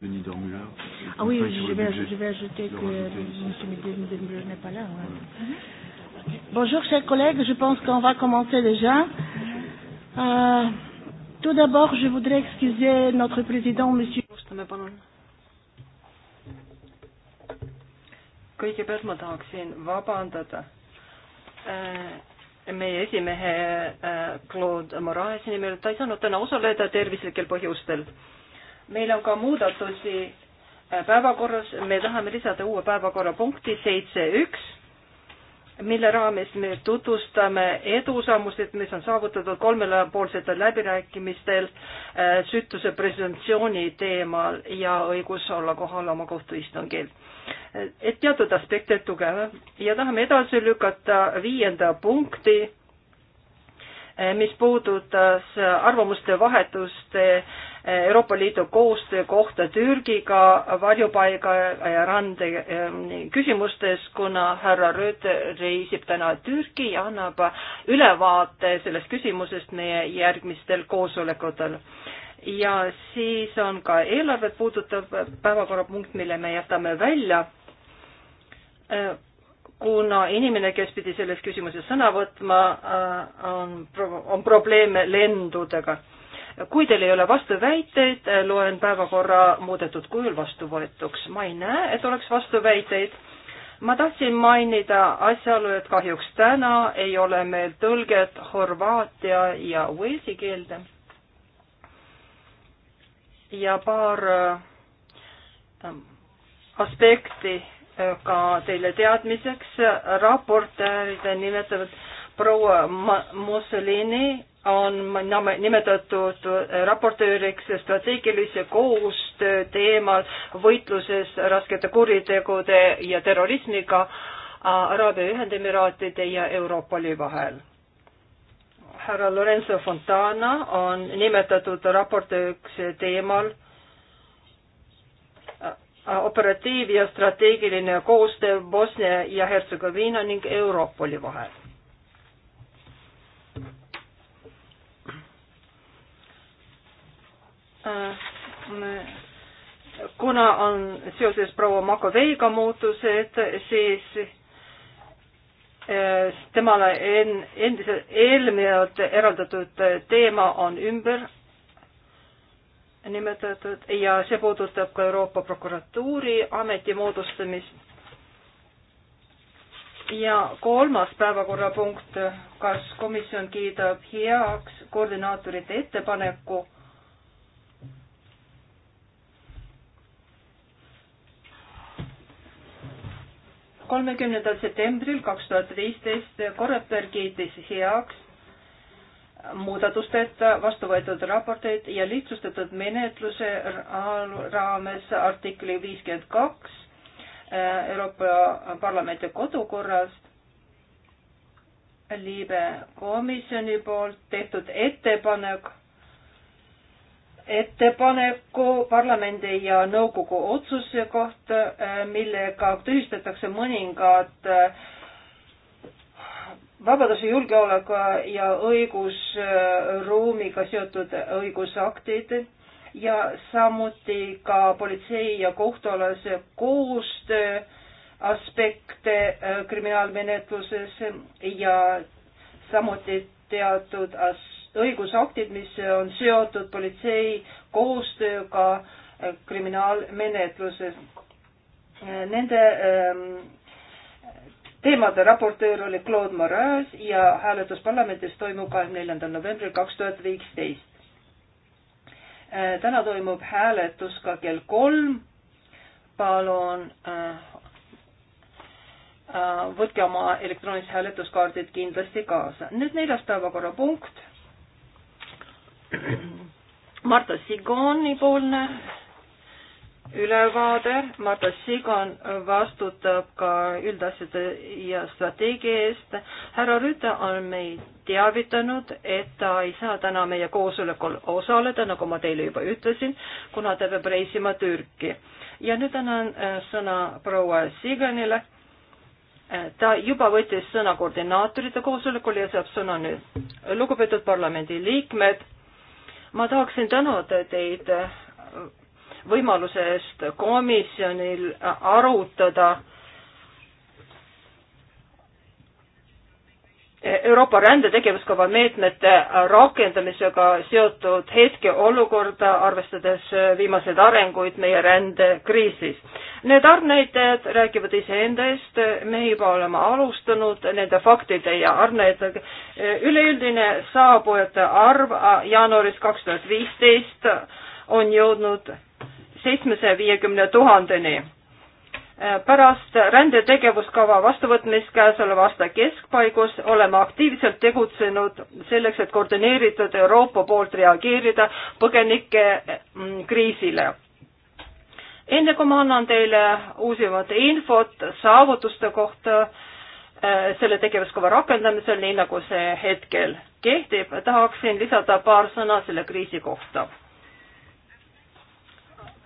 Denis Dormula. Ah oui, je vais, je vais ajouter que M. Dormula n'est pas là. Ouais. Voilà. Mm -hmm. Bonjour, chers collègues, je pense qu'on va commencer déjà. Euh, tout d'abord, je voudrais excuser notre président, M. kõigepealt ma tahaksin vabandada äh, meie esimehe äh, Claude Moraesi nimel, ta ei saanud täna osaleda tervislikel põhjustel äh, meil on ka muudatusi äh, päevakorras, me tahame lisada uue päevakorrapunkti seitse üks, mille raames me tutvustame edusammusid, mis on saavutatud kolmepoolsetel läbirääkimistel äh, süütuse presumptsiooni teemal ja õigus olla kohal oma kohtuistungil. Äh, et teatud aspekte tugevab ja tahame edasi lükata viienda punkti Eh, mis puudutas eh, arvamuste vahetust eh, Euroopa Liidu koostöö kohta Türgiga varjupaiga ja rande küsimustes, kuna härra Rööt reisib täna Türgi ja annab ülevaate sellest küsimusest meie järgmistel koosolekutel. ja siis on ka eelarvet puudutav päevakorrapunkt, mille me jätame välja kuna inimene, kes pidi selles küsimuses sõna võtma, äh, on, on probleeme lendudega. kui teil ei ole vastuväiteid, äh, loen päevakorra muudetud kujul vastuvõetuks. ma ei näe, et oleks vastuväiteid. ma tahtsin mainida asjaolu, et kahjuks täna ei ole meil tõlget horvaatia ja Walesi keelde. ja paar äh, aspekti ka teile teadmiseks raportööride nimetatud proua Mussolini on nimetatud raportööriks strateegilise koostöö teemal võitluses raskete kuritegude ja terrorismiga Araabia Ühendemiraatide ja Euroopa Liidu vahel. härra Lorenzo Fontana on nimetatud raportööriks teemal Äh, operatiiv- ja strateegiline koostöö Bosnia ja Hertsegoviina ning Europoli vahel. Äh, kuna on seoses proua Makoveiga muutused, siis äh, temale en-, endiselt, eelnevalt eraldatud teema on ümber nimetatud ja see puudutab ka Euroopa prokuratuuri ameti moodustamist. ja kolmas päevakorrapunkt, kas komisjon kiidab heaks koordinaatorite ettepaneku kolmekümnendal septembril kaks tuhat viisteist Korraper kiitis heaks muudatustest vastu võetud raporteid ja lihtsustatud menetluse raames artikli viiskümmend kaks äh, Euroopa Parlamendi kodukorrast liibe komisjoni poolt tehtud ettepanek, ettepaneku parlamendi ja nõukogu otsuse kohta, äh, millega tühistatakse mõningad äh, vabaduse, julgeoleku ja õigusruumiga seotud õigusaktid ja samuti ka politsei ja kohtualase koostöö aspekte äh, kriminaalmenetluses ja samuti teatud õigusaktid, mis on seotud politsei koostööga äh, kriminaalmenetluses. Äh, nende ähm, teemade raportöör oli Claude Moraes ja hääletus parlamendis toimub kahekümne neljandal novembril kaks tuhat viisteist. Äh, täna toimub hääletus ka kell kolm. palun äh, äh, võtke oma elektroonilised hääletuskaardid kindlasti kaasa. nüüd neljas päevakorrapunkt. Marta Sigoni poolne ülevaade, Marta Sigan vastutab ka üldasjade ja strateegia eest. härra Rüütel on meid teavitanud, et ta ei saa täna meie koosolekul osaleda, nagu ma teile juba ütlesin, kuna ta peab reisima Türki. ja nüüd annan äh, sõna proua Siganile. Äh, ta juba võttis sõna koordinaatorite koosolekul ja saab sõna nüüd. lugupeetud parlamendiliikmed, ma tahaksin tänada teid äh, võimaluse eest komisjonil arutada Euroopa rändetegevuskava meetmete rakendamisega seotud hetkeolukorda, arvestades viimaseid arenguid meie rändekriisis. Need arvnäitajad räägivad iseenda eest, me juba oleme alustanud nende faktide ja arvnäitajatega. üleüldine saabujate arv jaanuaris kaks tuhat viisteist on jõudnud seitsmesaja viiekümne tuhandeni. Äh, pärast rändetegevuskava vastuvõtmist käesoleva aasta keskpaigus oleme aktiivselt tegutsenud selleks, et koordineeritud Euroopa poolt reageerida põgenike mm, kriisile enne kui ma annan teile uusimat infot saavutuste kohta äh, selle tegevuskava rakendamisel, nii nagu see hetkel kehtib, tahaksin lisada paar sõna selle kriisi kohta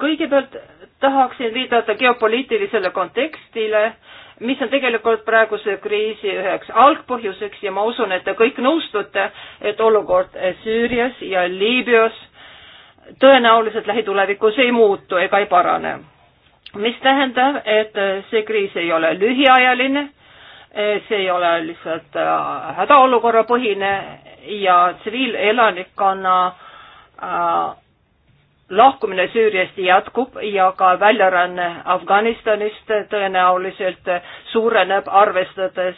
kõigepealt tahaksin viidata geopoliitilisele kontekstile, mis on tegelikult praeguse kriisi üheks algpõhjuseks ja ma usun, et te kõik nõustute, et olukord Süürias ja Liibüas tõenäoliselt lähitulevikus ei muutu ega ei parane. mis tähendab, et see kriis ei ole lühiajaline, see ei ole lihtsalt äh, hädaolukorra põhine ja tsiviilelanikkonna äh, lahkumine Süüriast jätkub ja ka väljaränne Afganistanist tõenäoliselt suureneb, arvestades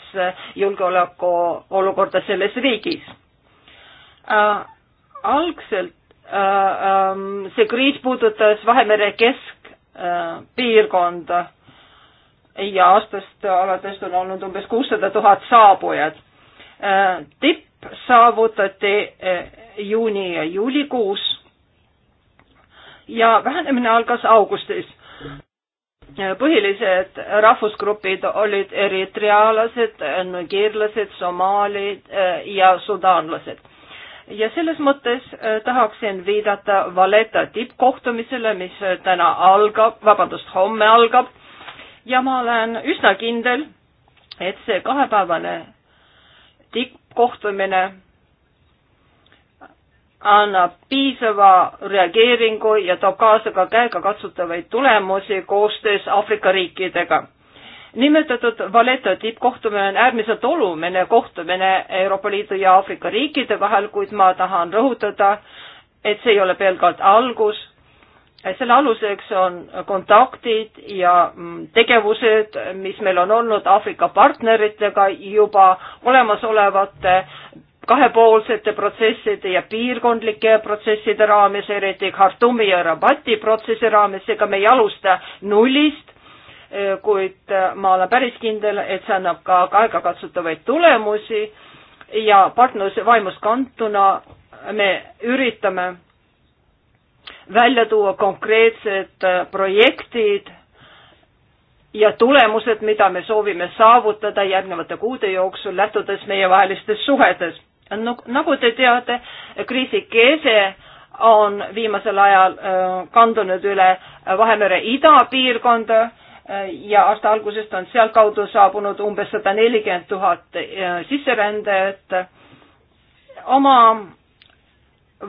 julgeolekuolukorda selles riigis. Äh, algselt äh, ähm, see kriis puudutas Vahemere keskpiirkonda äh, ja aastast alates on olnud umbes kuussada tuhat saabujat. tipp saavutati juuni ja juulikuus ja vähenemine algas augustis. põhilised rahvusgrupid olid eritrealased, nigeerlased, somaalid eh, ja sudaanlased. ja selles mõttes eh, tahaksin viidata Valeta tippkohtumisele, mis eh, täna algab, vabandust, homme algab ja ma olen üsna kindel, et see kahepäevane tippkohtumine annab piisava reageeringu ja toob kaasa ka käegakatsutavaid tulemusi koostöös Aafrika riikidega. nimetatud Valeta tippkohtumine on äärmiselt oluline kohtumine Euroopa Liidu ja Aafrika riikide vahel, kuid ma tahan rõhutada, et see ei ole pelgalt algus, selle aluseks on kontaktid ja mm, tegevused, mis meil on olnud Aafrika partneritega juba olemasolevate kahepoolsete protsesside ja piirkondlike protsesside raames, eriti Khartoumi ja Rabati protsessi raames, ega me ei alusta nullist, kuid äh, ma olen päris kindel, et see annab ka aegakatsutavaid tulemusi ja partnerluse vaimust kantuna me üritame välja tuua konkreetsed äh, projektid ja tulemused, mida me soovime saavutada järgnevate kuude jooksul, lähtudes meievahelistest suhetes no nagu te teate, kriisi kese on viimasel ajal äh, kandunud üle Vahemere idapiirkonda äh, ja aasta algusest on sealtkaudu saabunud umbes sada nelikümmend tuhat äh, sisserändajat. oma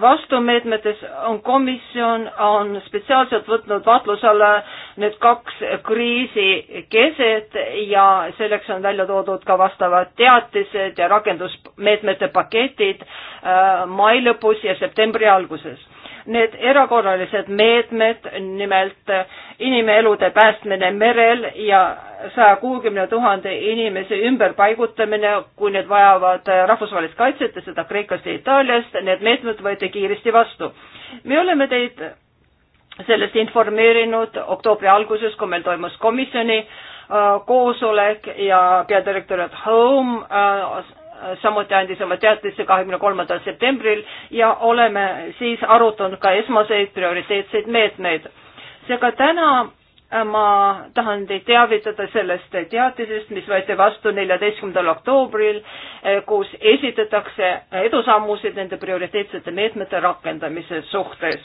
vastumeetmetes on komisjon, on spetsiaalselt võtnud vaatluse alla need kaks kriisikeset ja selleks on välja toodud ka vastavad teatised ja rakendusmeetmete paketid äh, mai lõpus ja septembri alguses Need erakorralised meetmed, nimelt inimelude päästmine merel ja saja kuuekümne tuhande inimese ümberpaigutamine, kui need vajavad rahvusvahelist kaitset ja seda Kreekast ja Itaaliast, need meetmed võeti kiiresti vastu. me oleme teid sellest informeerinud oktoobri alguses, kui meil toimus komisjoni äh, koosolek ja peadirektor Home äh, samuti andis oma teatise kahekümne kolmandal septembril ja oleme siis arutanud ka esmaseid prioriteetseid meetmeid. seega täna äh, ma tahan teid teavitada sellest teatisest, mis võeti vastu neljateistkümnendal oktoobril, äh, kus esitatakse edusammusid nende prioriteetsete meetmete rakendamise suhtes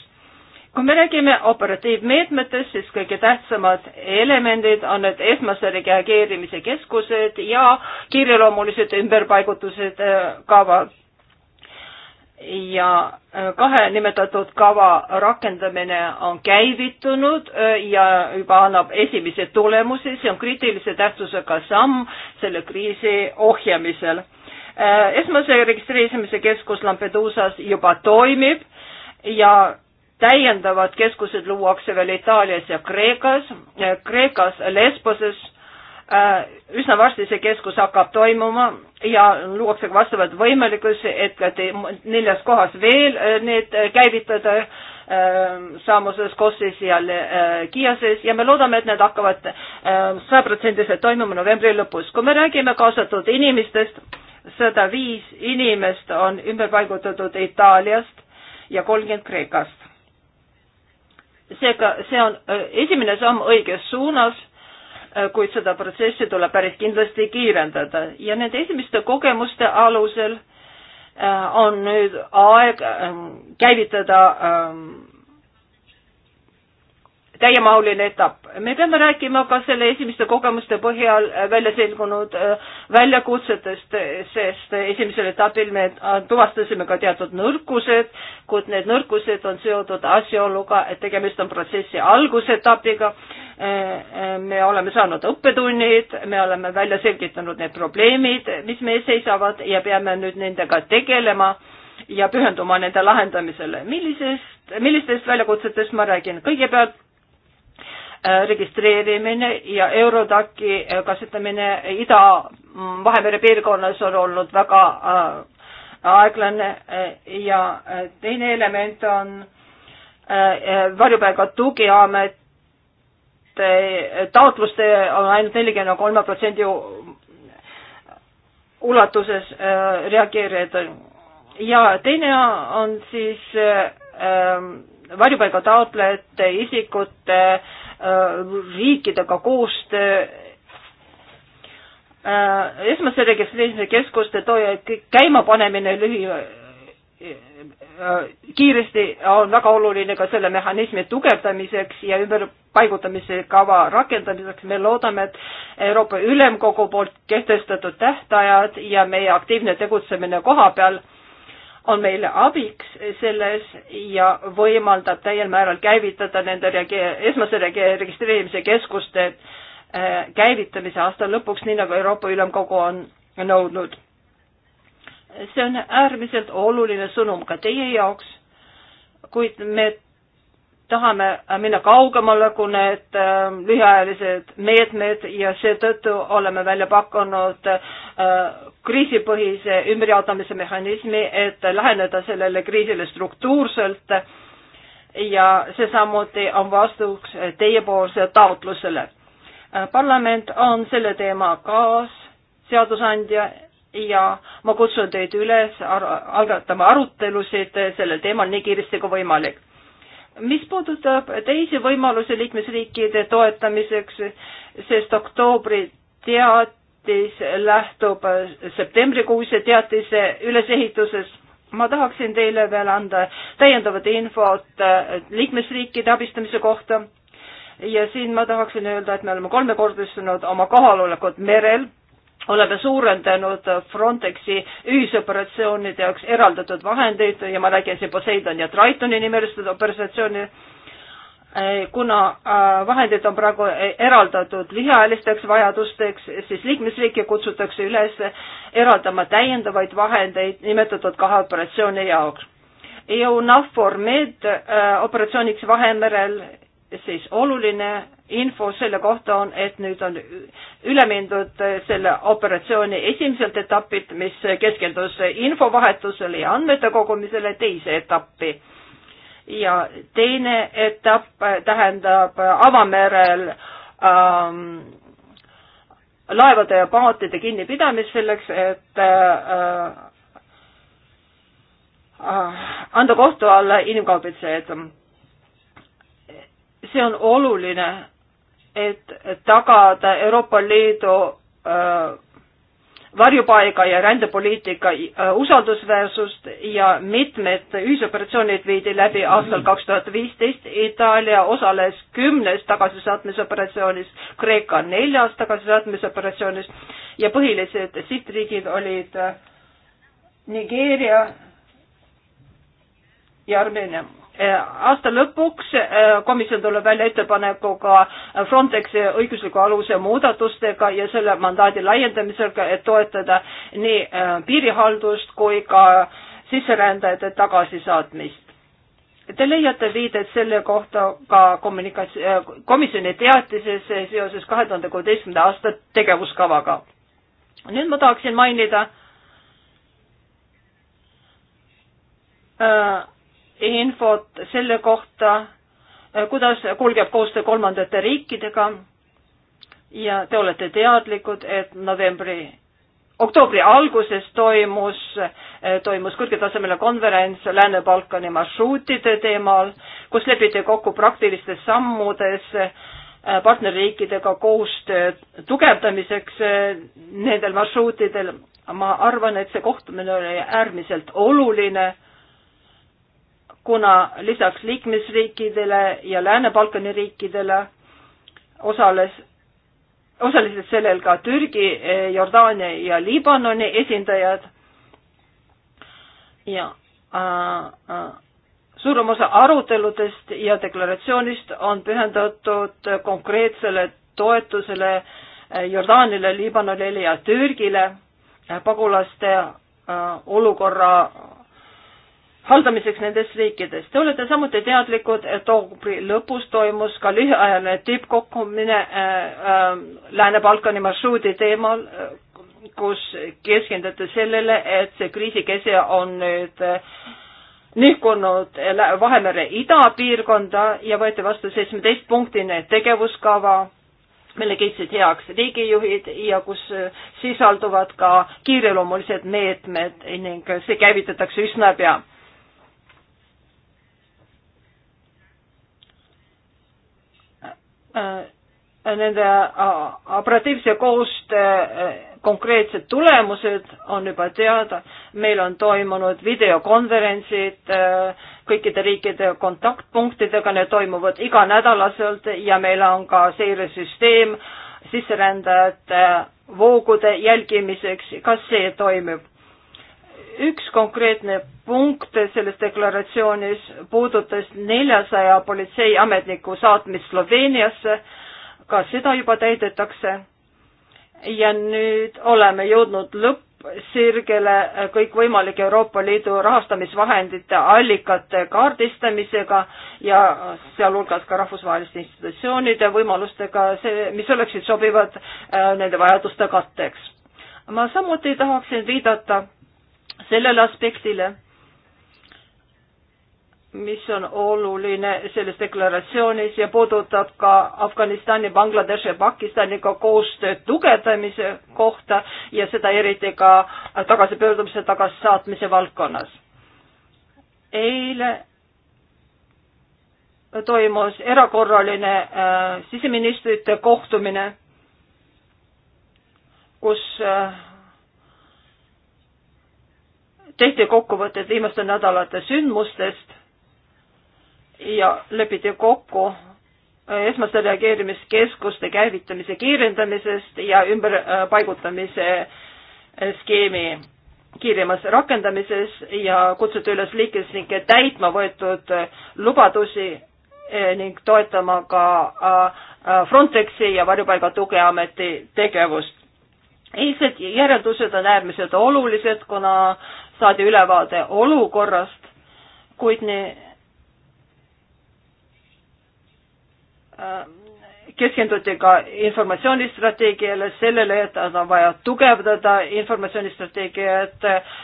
kui me räägime operatiivmeetmetest, siis kõige tähtsamad elemendid on need esmase reageerimise keskused ja kiireloomulised ümberpaigutused äh, kavad. ja äh, kahe nimetatud kava rakendamine on käivitunud äh, ja juba annab esimesi tulemusi, see on kriitilise tähtsusega samm selle kriisi ohjamisel. esmase registreerimise keskus Lampeduusas juba toimib ja täiendavad keskused luuakse veel Itaalias ja Kreekas, Kreekas Lesboses. Äh, üsna varsti see keskus hakkab toimuma ja luuakse ka vastavad võimalikkus, et ka te, neljas kohas veel äh, need äh, käivitada Samuses, Kossis ja Kiiases ja me loodame, et need hakkavad sajaprotsendiliselt toimuma novembri lõpus. kui me räägime kaasatud inimestest, sada viis inimest on ümber paigutatud Itaaliast ja kolmkümmend Kreekast seega see on äh, esimene samm õiges suunas, äh, kuid seda protsessi tuleb päris kindlasti kiirendada ja nende esimeste kogemuste alusel äh, on nüüd aeg ähm, käivitada ähm, täiemahuline etapp. me peame rääkima ka selle esimeste kogemuste põhjal välja selgunud äh, väljakutsetest, sest esimesel etapil me äh, tuvastasime ka teatud nõrkused, kuid need nõrkused on seotud asjaoluga, et tegemist on protsessi algusetapiga. Äh, me oleme saanud õppetunnid, me oleme välja selgitanud need probleemid, mis meil seisavad ja peame nüüd nendega tegelema ja pühenduma nende lahendamisele. millisest, millistest väljakutsetest ma räägin? kõigepealt registreerimine ja Eurodaki kasutamine Ida-Vahemere piirkonnas on olnud väga äh, aeglane äh, ja äh, teine element on varjupaiga tugiamet, taotluste on ainult nelikümmend kolme protsendi ulatuses reageerijad ja teine on siis varjupaiga taotlejate isikute äh, Äh, riikidega koostöö äh, esmase registreerimise keskuste käimapanemine lühi, äh, kiiresti on väga oluline ka selle mehhanismi tugevdamiseks ja ümberpaigutamise kava rakendamiseks. me loodame, et Euroopa Ülemkogu poolt kehtestatud tähtajad ja meie aktiivne tegutsemine koha peal on meile abiks selles ja võimaldab täiel määral käivitada nende reage-, esmase reage-, registreerimise keskuste äh, käivitamise aasta lõpuks, nii nagu Euroopa Ülemkogu on nõudnud. see on äärmiselt oluline sõnum ka teie jaoks, kuid me tahame minna kaugemale kui need äh, lühiajalised meetmed ja seetõttu oleme välja pakkunud äh, kriisipõhise ümberjaotamise mehhanismi, et läheneda sellele kriisile struktuurselt ja see samuti on vastuks teiepoolse taotlusele äh,. parlament on selle teema kaasseadusandja ja ma kutsun teid üles ar algatama arutelusid sellel teemal nii kiiresti kui võimalik mis puudutab teisi võimalusi liikmesriikide toetamiseks, sest oktoobri teatis lähtub septembrikuuse teatise ülesehitusest, ma tahaksin teile veel anda täiendavat infot liikmesriikide abistamise kohta ja siin ma tahaksin öelda, et me oleme kolmekordistanud oma kohalolekut merel oleme suurendanud Frontexi ühisoperatsioonide jaoks eraldatud vahendeid ja ma räägin siin Poseidon ja Tritoni nimelistest operatsioonidest, eh, kuna eh, vahendid on praegu eh, eraldatud lühiajalisteks vajadusteks, siis liikmesriike kutsutakse üles eraldama täiendavaid vahendeid nimetatud kahe operatsiooni jaoks. EUNAVFOR Med operatsiooniks Vahemerel siis oluline info selle kohta on, et nüüd on üle mindud selle operatsiooni esimeselt etapilt, mis keskendus infovahetusele ja andmete kogumisele, teise etappi. ja teine etapp tähendab avamerel ähm, laevade ja paatide kinnipidamist selleks, et äh, äh anda kohtu alla inimkaubitsejad. see on oluline et tagada Euroopa Liidu äh, varjupaiga ja rändepoliitika äh, usaldusväärsust ja mitmed ühisoperatsioonid viidi läbi aastal kaks tuhat viisteist. Itaalia osales kümnes tagasisaatmisoperatsioonis, Kreeka neljas tagasisaatmisoperatsioonis ja põhilised sihtriigid olid äh, Nigeeria, järgmine. E, aasta lõpuks e, komisjon tuleb välja ettepanekuga Frontexi õigusliku aluse muudatustega ja selle mandaadi laiendamisega, et toetada nii e, piirihaldust kui ka sisserändajate tagasisaatmist. Te leiate viidet selle kohta ka kommunikats-, komisjoni teatises seoses kahe tuhande kuueteistkümnenda aasta tegevuskavaga. nüüd ma tahaksin mainida äh, infot selle kohta, kuidas kulgeb koostöö kolmandate riikidega ja te olete teadlikud, et novembri, oktoobri alguses toimus, toimus kõrgetasemele konverents Lääne-Balkani marsruutide teemal, kus lepiti kokku praktilistes sammudes äh, partnerriikidega koostöö tugevdamiseks äh, nendel marsruutidel. ma arvan, et see kohtumine oli äärmiselt oluline kuna lisaks liikmesriikidele ja Lääne-Balkani riikidele osales, osalesid sellel ka Türgi, Jordaania ja Liibanoni esindajad. ja äh, äh suurem osa aruteludest ja deklaratsioonist on pühendatud konkreetsele toetusele äh, Jordaanile, Liibanonile ja Türgile äh, pagulaste äh, olukorra haldamiseks nendes riikides. Te olete samuti teadlikud, et oktoobri lõpus toimus ka lühiajaline tippkokkumine äh, äh, Lääne-Balkani marsruudi teemal äh,, kus keskenduti sellele, et see kriisikese on nüüd äh, nihkunud Vahemere idapiirkonda ja võeti vastu seitsmeteistpunktine tegevuskava, mille kiitsid heaks riigijuhid ja kus äh, sisalduvad ka kiireloomulised meetmed ning see käivitatakse üsna pea Äh, nende äh, operatiivse koostöö äh, konkreetsed tulemused on juba teada, meil on toimunud videokonverentsid kõikide riikide kontaktpunktidega, need toimuvad iganädalaselt ja meil on ka seiresüsteem sisserändajate voogude jälgimiseks, kas see toimib üks konkreetne punkt selles deklaratsioonis puudutas neljasaja politseiametniku saatmist Sloveeniasse, ka seda juba täidetakse. ja nüüd oleme jõudnud lõppsirgele kõikvõimalike Euroopa Liidu rahastamisvahendite allikate kaardistamisega ja sealhulgas ka rahvusvaheliste institutsioonide võimalustega, see, mis oleksid sobivad äh, nende vajaduste katteks. ma samuti tahaksin viidata sellele aspektile, mis on oluline selles deklaratsioonis ja puudutab ka Afganistani, Bangladeshi ja Pakistaniga koostöö tugevdamise kohta ja seda eriti ka tagasipöördumise, tagasisaatmise valdkonnas. eile toimus erakorraline äh, siseministrite kohtumine, kus äh, tehti kokkuvõtted viimaste nädalate sündmustest ja lepiti kokku äh, esmaste reageerimiskeskuste käivitamise kiirendamisest ja ümberpaigutamise äh, skeemi kiiremas rakendamises ja kutsuti üles liikmesriike täitma võetud äh, lubadusi ning toetama ka Frontexi ja Varjupaiga Tugiameti tegevust. eilsed järeldused on äärmiselt olulised, kuna saadi ülevaade olukorrast, kuid nii äh, keskenduti ka informatsioonistrateegiale, sellele, et on vaja tugevdada informatsioonistrateegiat äh,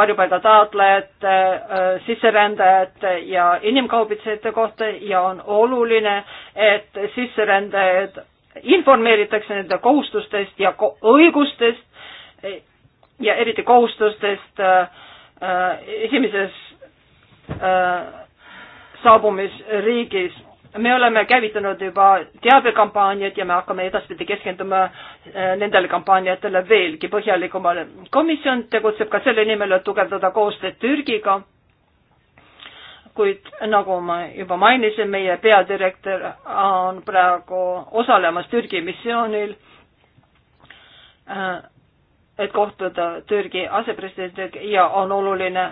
varjupaiga taotlejate, äh, sisserändajate ja inimkaubitsejate kohta ja on oluline, et sisserändajad informeeritakse nende kohustustest ja õigustest ja eriti kohustustest äh, äh, esimeses äh, saabumisriigis. me oleme käivitanud juba teabekampaaniad ja me hakkame edaspidi keskenduma äh, nendele kampaaniatele veelgi põhjalikumale. komisjon tegutseb ka selle nimel, et tugevdada koostööd Türgiga, kuid nagu ma juba mainisin, meie peadirektor on praegu osalemas Türgi missioonil äh, et kohtuda Türgi asepresidendiga ja on oluline,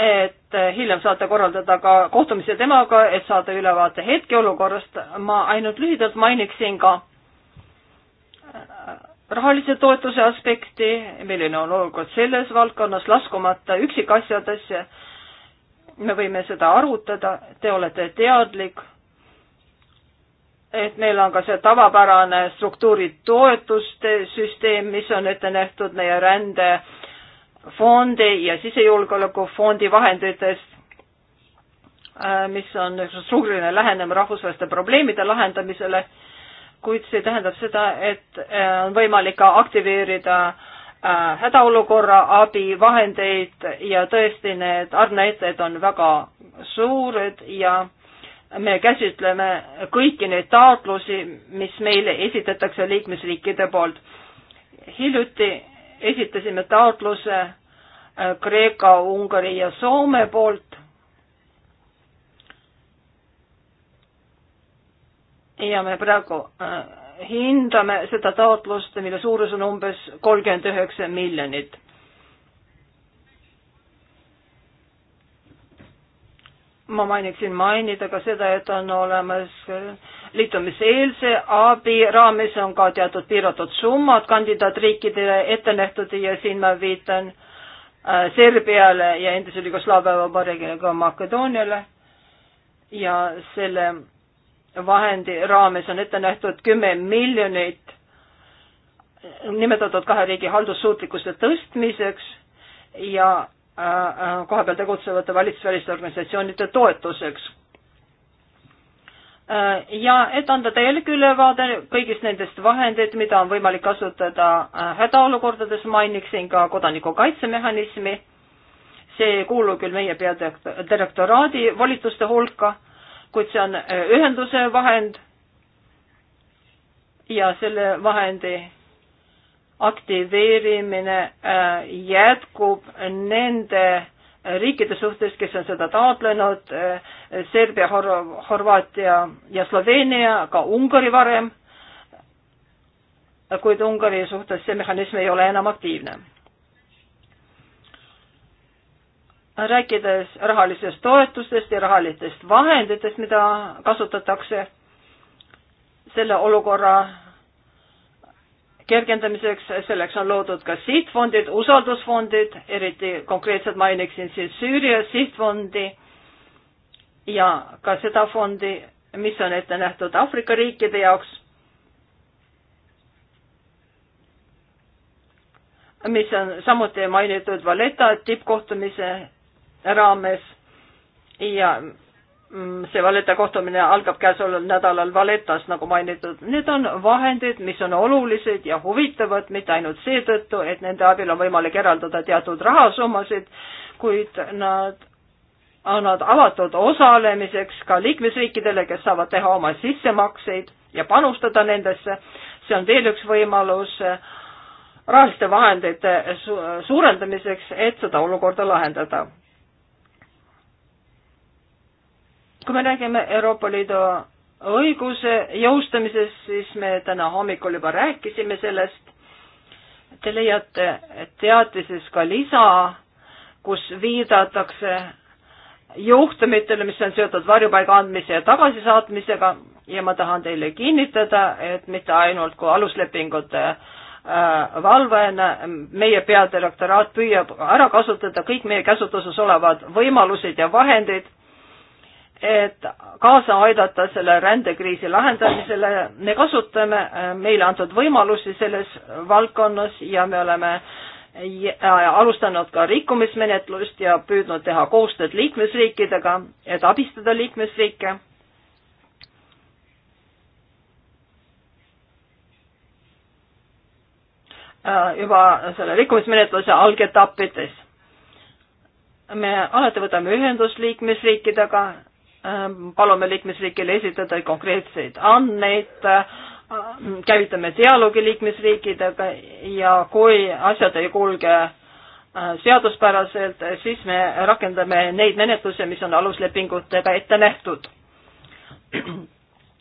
et hiljem saate korraldada ka kohtumise temaga, et saada ülevaate hetkeolukorrast. ma ainult lühidalt mainiksin ka rahalise toetuse aspekti, milline on olukord selles valdkonnas, laskumata üksikasjadesse. me võime seda arutada, te olete teadlik et meil on ka see tavapärane struktuuritoetuste süsteem, mis on ette nähtud meie rändefondi ja sisejulgeolekufondi vahenditest, äh, mis on üks struktuuriline lähenemine rahvusvaheliste probleemide lahendamisele, kuid see tähendab seda, et äh, on võimalik ka aktiveerida äh, hädaolukorra abivahendeid ja tõesti need arvnäitajad on väga suured ja me käsitleme kõiki neid taotlusi, mis meile esitatakse liikmesriikide poolt. hiljuti esitasime taotluse äh, Kreeka, Ungari ja Soome poolt. ja me praegu äh, hindame seda taotlust, mille suurus on umbes kolmkümmend üheksa miljonit ma mainiksin mainida ka seda, et on olemas liitumiseelse abi raames on ka teatud piiratud summad kandidaatriikidele ette nähtud ja siin ma viitan äh, Serbiale ja endise Jugoslaavia vabariigile ka Makedooniale ja selle vahendi raames on ette nähtud kümme miljonit nimetatud kahe riigi haldussuutlikkuse tõstmiseks ja kohapeal tegutsevate valitsusväliste organisatsioonide toetuseks. Äh, ja et anda täielik ülevaade kõigist nendest vahendeid, mida on võimalik kasutada äh, hädaolukordades, mainiksin ka kodanikukaitsemehhanismi. see ei kuulu küll meie peadirektoraadi volituste hulka, kuid see on äh, ühenduse vahend ja selle vahendi aktiveerimine äh, jätkub nende riikide suhtes, kes on seda taotlenud, äh, Serbia Hor, Horvaatia ja Sloveenia, ka Ungari varem, kuid Ungari suhtes see mehhanism ei ole enam aktiivne. rääkides rahalisest toetustest ja rahalistest vahenditest, mida kasutatakse, selle olukorra kergendamiseks, selleks on loodud ka sihtfondid, usaldusfondid, eriti konkreetselt mainiksin siis Süüria sihtfondi ja ka seda fondi, mis on ette nähtud Aafrika riikide jaoks, mis on samuti mainitud Valeta tippkohtumise raames ja Mm, see valeta kohtumine algab käesoleval nädalal Valetas, nagu mainitud. Need on vahendid, mis on olulised ja huvitavad mitte ainult seetõttu, et nende abil on võimalik eraldada teatud rahasummasid, kuid nad annavad avatud osalemiseks ka liikmesriikidele, kes saavad teha oma sissemakseid ja panustada nendesse. see on veel üks võimalus rahaliste vahendite su suurendamiseks, et seda olukorda lahendada kui me räägime Euroopa Liidu õiguse jõustamisest, siis me täna hommikul juba rääkisime sellest. Te leiate teatises ka lisa, kus viidatakse juhtumitele, mis on seotud varjupaiga andmise ja tagasisaatmisega ja ma tahan teile kinnitada, et mitte ainult kui aluslepingute äh, valvajana meie peadirektoraat püüab ära kasutada kõik meie käsutuses olevad võimalused ja vahendid et kaasa aidata selle rändekriisi lahendamisele. me kasutame äh, meile antud võimalusi selles valdkonnas ja me oleme äh, alustanud ka rikkumismenetlust ja püüdnud teha koostööd liikmesriikidega, et abistada liikmesriike. Äh, juba selle rikkumismenetluse algetappides me alati võtame ühendust liikmesriikidega Ähm, palume liikmesriikile esitada konkreetseid andmeid, ähm, käivitame dialoogi liikmesriikidega ja kui asjad ei kulge äh, seaduspäraselt, siis me rakendame neid menetlusi, mis on aluslepingutega ette nähtud.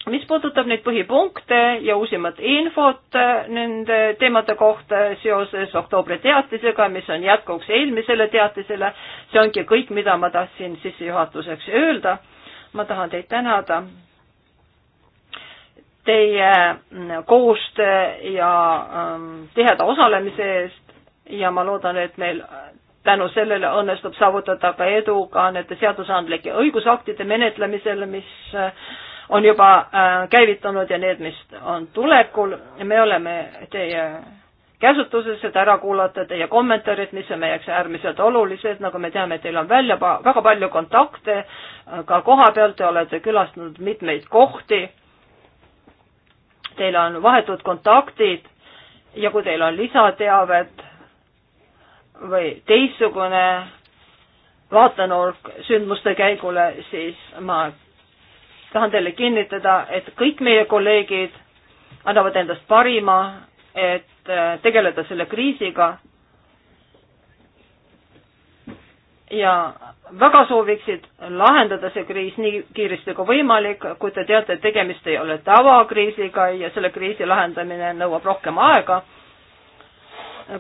mis puudutab neid põhipunkte ja uusimat infot äh, nende teemade kohta seoses oktoobri teatisega, mis on jätkuks eelmisele teatisele, see ongi kõik, mida ma tahtsin sissejuhatuseks öelda ma tahan teid tänada teie mm, koostöö ja mm, tiheda osalemise eest ja ma loodan, et meil äh, tänu sellele õnnestub saavutada ka edu ka nende seadusandlike õigusaktide menetlemisel, mis äh, on juba äh, käivitunud ja need, mis on tulekul. me oleme teie käsutuses, et ära kuulata teie kommentaarid, mis on meie jaoks äärmiselt olulised, nagu me teame, teil on välja väga palju kontakte, äh, ka koha peal te olete külastanud mitmeid kohti, teil on vahetud kontaktid ja kui teil on lisateavet või teistsugune vaatenurk sündmuste käigule, siis ma tahan teile kinnitada, et kõik meie kolleegid annavad endast parima, et Äh, tegeleda selle kriisiga. ja väga sooviksid lahendada see kriis nii kiiresti kui võimalik, kui te teate, et tegemist ei ole tavakriisiga ja selle kriisi lahendamine nõuab rohkem aega.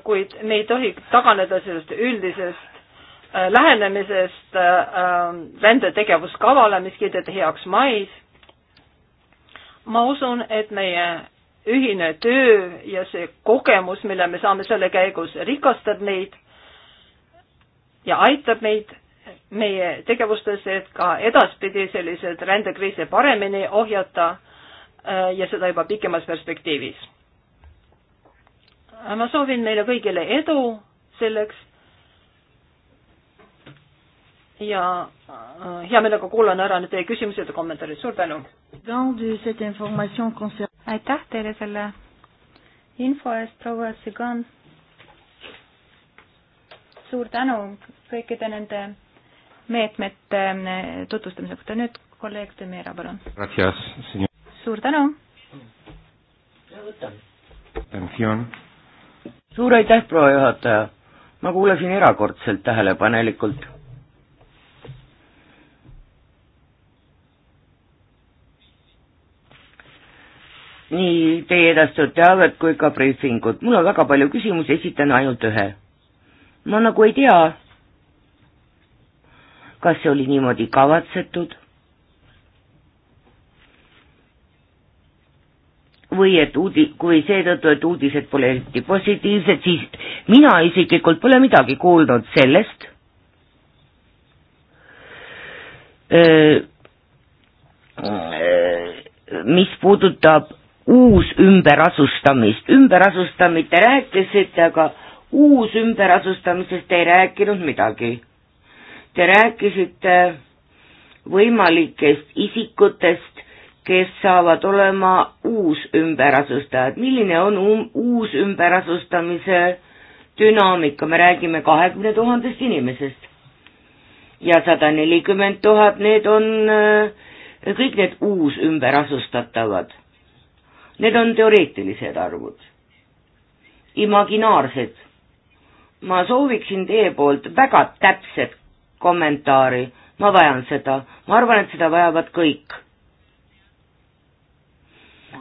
kuid me ei tohi taganeda sellest üldisest äh, lähenemisest äh, rändetegevuskavale, mis kiideti heaks mais. ma usun, et meie ühine töö ja see kogemus, mille me saame selle käigus, rikastab meid ja aitab meid meie tegevustes, et ka edaspidi selliseid rändekriise paremini ohjata äh, ja seda juba pikemas perspektiivis. ma soovin meile kõigile edu selleks ja äh, hea meelega kuulan ära nüüd teie küsimused ja kommentaarid, suur tänu! aitäh teile selle info eest, proua Sigan. suur tänu kõikide nende meetmete eh, tutvustamise kohta. nüüd kolleeg Demira, palun. suur tänu. suur aitäh, proua juhataja. ma kuulasin erakordselt tähelepanelikult nii teie edastatud teavet kui ka briefingut. mul on väga palju küsimusi, esitan ainult ühe. ma nagu ei tea, kas see oli niimoodi kavatsetud või et uudi-, kui seetõttu, et uudised pole eriti positiivsed, siis mina isiklikult pole midagi kuulnud sellest, äh, äh, mis puudutab uus ümberasustamist. ümberasustamit te rääkisite, aga uus ümberasustamisest ei rääkinud midagi. Te rääkisite võimalikest isikutest, kes saavad olema uus ümberasustajad. milline on um, uus ümberasustamise dünaamika, me räägime kahekümne tuhandest inimesest. ja sada nelikümmend tuhat, need on äh, kõik need uus ümberasustatavad Need on teoreetilised arvud, imaginaarsed. ma sooviksin teie poolt väga täpset kommentaari, ma vajan seda, ma arvan, et seda vajavad kõik.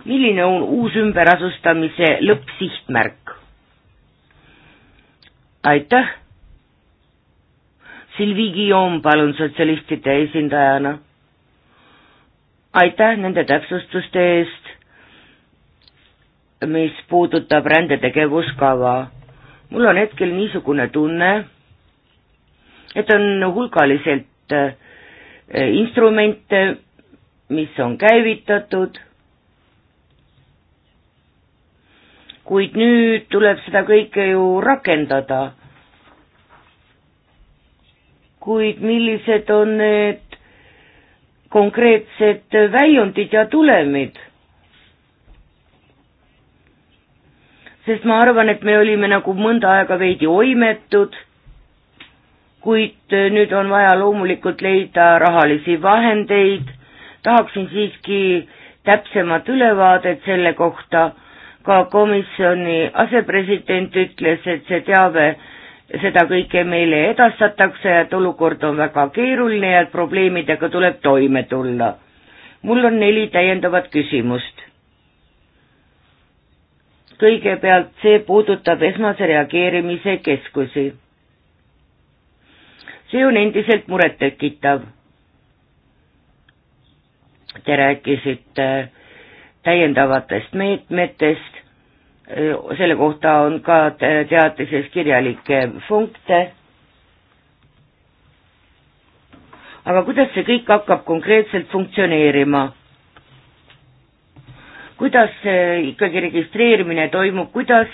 milline on uus ümberasustamise lõppsihtmärk? aitäh. Silvi Guillaume, palun, sotsialistide esindajana. aitäh nende täpsustuste eest mis puudutab rändetegevuskava. mul on hetkel niisugune tunne, et on hulgaliselt äh, instrumente, mis on käivitatud, kuid nüüd tuleb seda kõike ju rakendada. kuid millised on need konkreetsed väljundid ja tulemid sest ma arvan, et me olime nagu mõnda aega veidi oimetud, kuid äh, nüüd on vaja loomulikult leida rahalisi vahendeid, tahaksin siiski täpsemat ülevaadet selle kohta, ka komisjoni asepresident ütles, et see teave, seda kõike meile edastatakse ja et olukord on väga keeruline ja et probleemidega tuleb toime tulla. mul on neli täiendavat küsimust kõigepealt see puudutab esmase reageerimise keskusi. see on endiselt murettekitav. Te rääkisite täiendavatest meetmetest, selle kohta on ka teatises kirjalikke funkte, aga kuidas see kõik hakkab konkreetselt funktsioneerima? kuidas eh, ikkagi registreerimine toimub, kuidas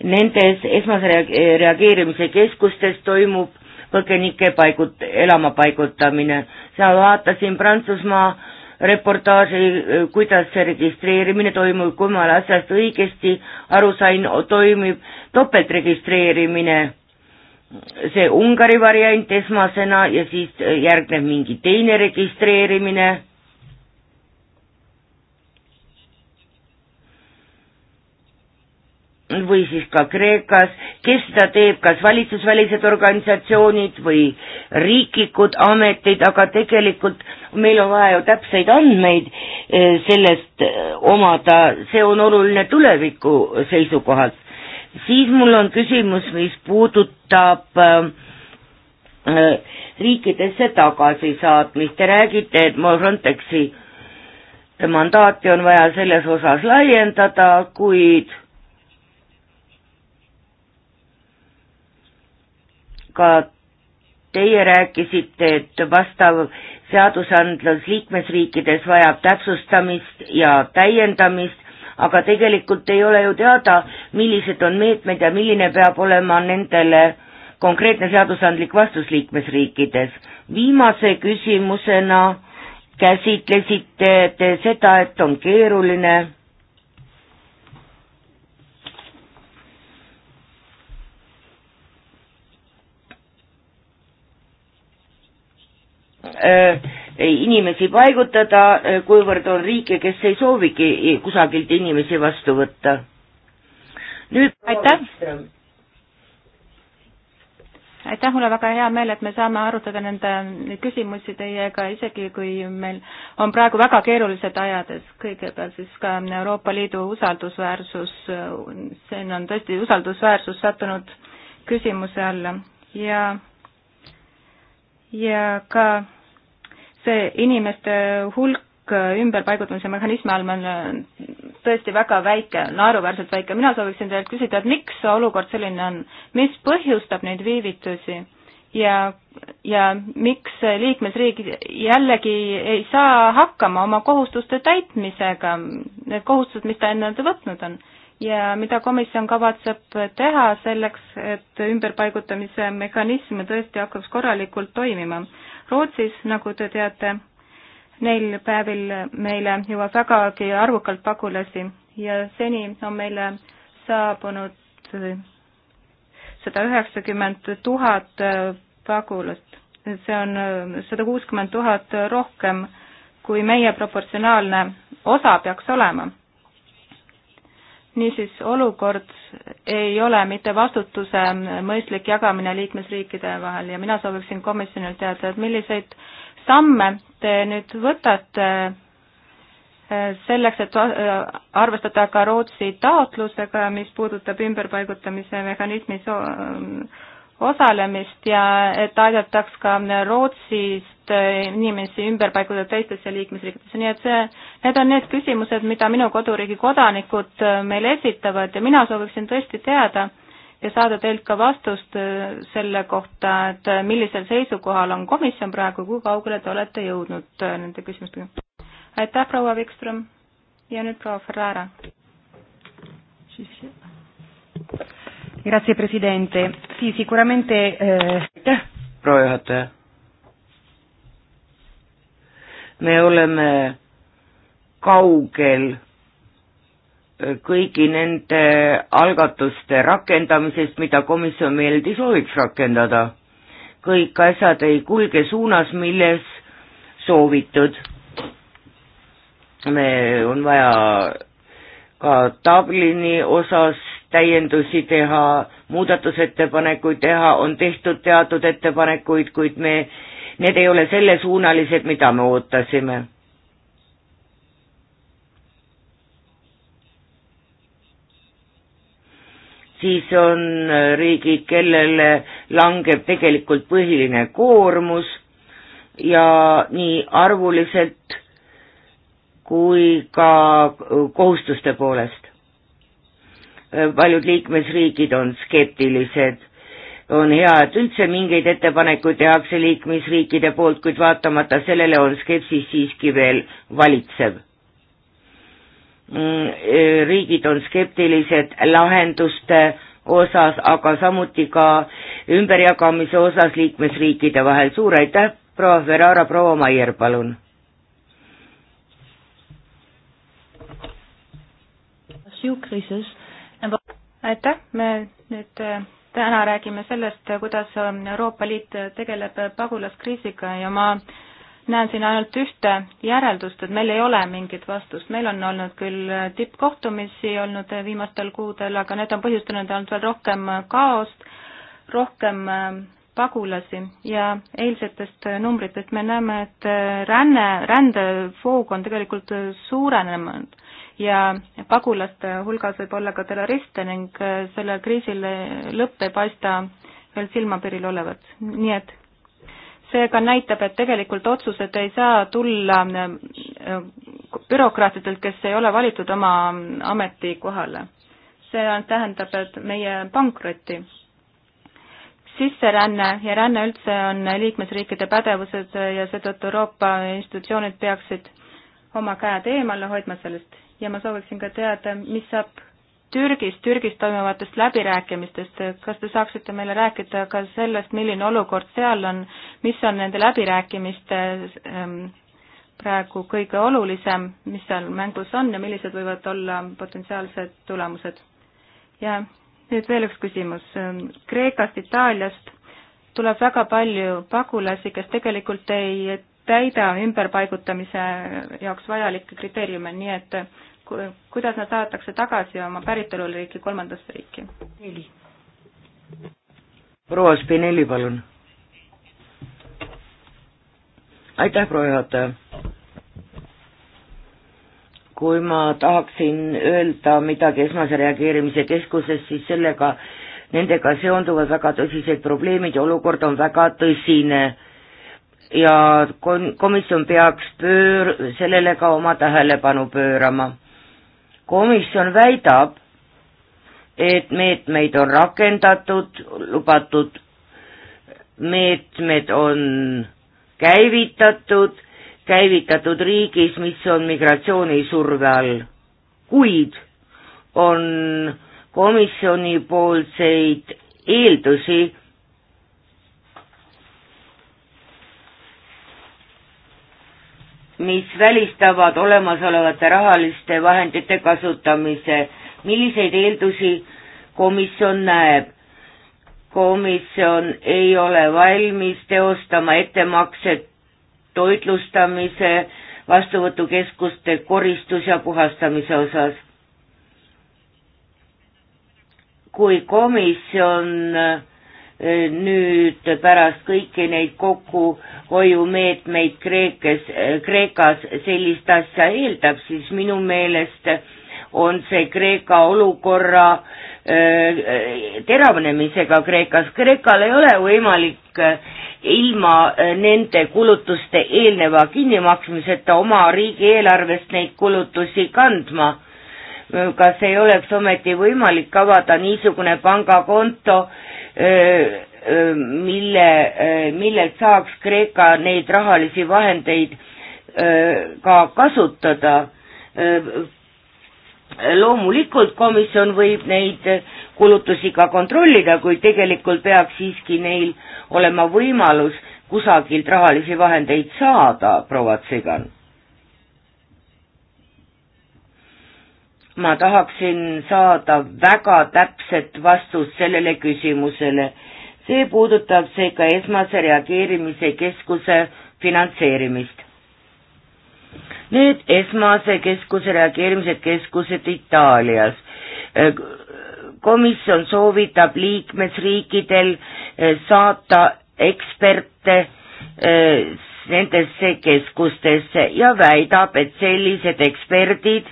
nendes esmase eh, reageerimise keskustes toimub põgenike paigut-, elama paigutamine. seal vaatasin Prantsusmaa reportaaži, eh, kuidas see registreerimine toimub, kui ma asjast õigesti aru sain, toimib topeltregistreerimine, see Ungari variant esmasena ja siis järgneb mingi teine registreerimine või siis ka Kreekas, kes seda teeb, kas valitsusvälised organisatsioonid või riiklikud ametid, aga tegelikult meil on vaja ju täpseid andmeid eh, sellest eh, omada, see on oluline tuleviku seisukohalt. siis mul on küsimus, mis puudutab eh, riikidesse tagasisaatmist, te räägite, et Frontexi mandaati on vaja selles osas laiendada, kuid ka teie rääkisite, et vastav seadusandlus liikmesriikides vajab täpsustamist ja täiendamist, aga tegelikult ei ole ju teada, millised on meetmed ja milline peab olema nendele konkreetne seadusandlik vastus liikmesriikides. viimase küsimusena käsitlesite te seda, et on keeruline Äh, inimesi paigutada, äh, kuivõrd on riike, kes ei soovigi kusagilt inimesi vastu võtta. nüüd aitäh! aitäh, mul on väga hea meel, et me saame arutada nende küsimusi teiega, isegi kui meil on praegu väga keerulised ajad, et kõigepealt siis ka Euroopa Liidu usaldusväärsus, siin on tõesti usaldusväärsus sattunud küsimuse alla ja, ja ka see inimeste hulk ümberpaigutamise mehhanismi all on äh, tõesti väga väike, naeruväärselt väike. mina sooviksin teilt küsida, et miks see olukord selline on, mis põhjustab neid viivitusi ja, ja miks liikmesriik jällegi ei saa hakkama oma kohustuste täitmisega, need kohustused, mis ta endale võtnud on? ja mida komisjon kavatseb teha selleks, et ümberpaigutamise mehhanism tõesti hakkaks korralikult toimima? Rootsis, nagu te teate, neil päevil meile jõuab vägagi arvukalt pagulasi ja seni on meile saabunud sada üheksakümmend tuhat pagulast. see on sada kuuskümmend tuhat rohkem, kui meie proportsionaalne osa peaks olema niisiis, olukord ei ole mitte vastutuse mõistlik jagamine liikmesriikide vahel ja mina sooviksin komisjonilt teada, et milliseid samme te nüüd võtate eh, selleks, et eh, arvestada ka Rootsi taotlusega, mis puudutab ümberpaigutamise mehhanismi so osalemist ja et aidataks ka Rootsist eh, inimesi ümber paigutada teistesse liikmesriikidesse, nii et see, need on need küsimused, mida minu koduriigi kodanikud eh, meile esitavad ja mina sooviksin tõesti teada ja saada teilt ka vastust eh, selle kohta, et millisel seisukohal on komisjon praegu, kui kaugele te olete jõudnud nende küsimustega. aitäh, proua Vikström ja nüüd proua Ferrara. Grazie Presidente. Sì, sicuramente... aitäh, eh, proua juhataja. me oleme kaugel eh, kõigi nende algatuste rakendamisest, mida komisjon meeldi sooviks rakendada. kõik asjad ei kulge suunas, milles soovitud. me, on vaja ka Dublini osas täiendusi teha, muudatusettepanekuid teha, on tehtud teatud ettepanekuid, kuid me, need ei ole sellesuunalised, mida me ootasime. siis on riigid, kellele langeb tegelikult põhiline koormus ja nii arvuliselt kui ka kohustuste poolest paljud liikmesriigid on skeptilised. on hea, et üldse mingeid ettepanekuid tehakse liikmesriikide poolt, kuid vaatamata sellele on skepsis siiski veel valitsev. Mm, e, riigid on skeptilised lahenduste osas, aga samuti ka ümberjagamise osas liikmesriikide vahel. suur aitäh, proua Ferrara, proua Maier, palun. kriisis aitäh, me nüüd äh, täna räägime sellest, kuidas äh, Euroopa Liit tegeleb äh, pagulaskriisiga ja ma näen siin ainult ühte järeldust, et meil ei ole mingit vastust. meil on olnud küll tippkohtumisi olnud viimastel kuudel, aga need on põhjustanud ainult veel rohkem kaost, rohkem pagulasi ja eilsetest numbritest me näeme, et ränne, rändefoog on tegelikult suurenenud ja pagulaste hulgas võib olla ka terroriste ning äh, selle kriisile lõpp ei paista veel silmapiiril olevat, nii et see ka näitab, et tegelikult otsused ei saa tulla äh, bürokraatidelt, kes ei ole valitud oma ametikohale. see tähendab, et meie pankrotti. sisseränne ja ränne üldse on liikmesriikide pädevused ja seetõttu Euroopa institutsioonid peaksid oma käed eemale hoidma sellest ja ma sooviksin ka teada, mis saab Türgis, Türgis toimuvatest läbirääkimistest, kas te saaksite meile rääkida ka sellest, milline olukord seal on, mis on nende läbirääkimiste ähm, praegu kõige olulisem, mis seal mängus on ja millised võivad olla potentsiaalsed tulemused? ja nüüd veel üks küsimus, ähm, Kreekast, Itaaliast tuleb väga palju pagulasi, kes tegelikult ei täida ümberpaigutamise jaoks vajalikke kriteeriume, nii et äh, kuidas nad saadetakse tagasi oma päritoluriiki kolmandasse riiki? neli. proua Spinelli, palun. aitäh, proua juhataja. kui ma tahaksin öelda midagi esmase reageerimise keskuses, siis sellega, nendega seonduvad väga tõsised probleemid ja olukord on väga tõsine ja kon-, komisjon peaks pöör-, sellele ka oma tähelepanu pöörama komisjon väidab, et meetmeid on rakendatud, lubatud meetmed on käivitatud, käivitatud riigis, mis on migratsioonisurve all, kuid on komisjonipoolseid eeldusi, mis välistavad olemasolevate rahaliste vahendite kasutamise. milliseid eeldusi komisjon näeb? komisjon ei ole valmis teostama ettemakset toitlustamise, vastuvõtukeskuste koristus- ja puhastamise osas. kui komisjon äh, nüüd pärast kõiki neid kokkuhoiumeetmeid Kreekes, Kreekas sellist asja eeldab, siis minu meelest on see Kreeka olukorra äh, teravnemisega Kreekas. Kreekal ei ole võimalik äh, ilma äh, nende kulutuste eelneva kinnimaksmiseta oma riigieelarvest neid kulutusi kandma kas ei oleks ometi võimalik avada niisugune pangakonto, mille, millelt saaks Kreeka neid rahalisi vahendeid ka kasutada. loomulikult komisjon võib neid kulutusi ka kontrollida, kuid tegelikult peaks siiski neil olema võimalus kusagilt rahalisi vahendeid saada, proua Tsigan ma tahaksin saada väga täpset vastust sellele küsimusele. see puudutab seega esmase reageerimise keskuse finantseerimist. Need esmase keskuse reageerimise keskused Itaalias. komisjon soovitab liikmesriikidel saata eksperte nendesse keskustesse ja väidab, et sellised eksperdid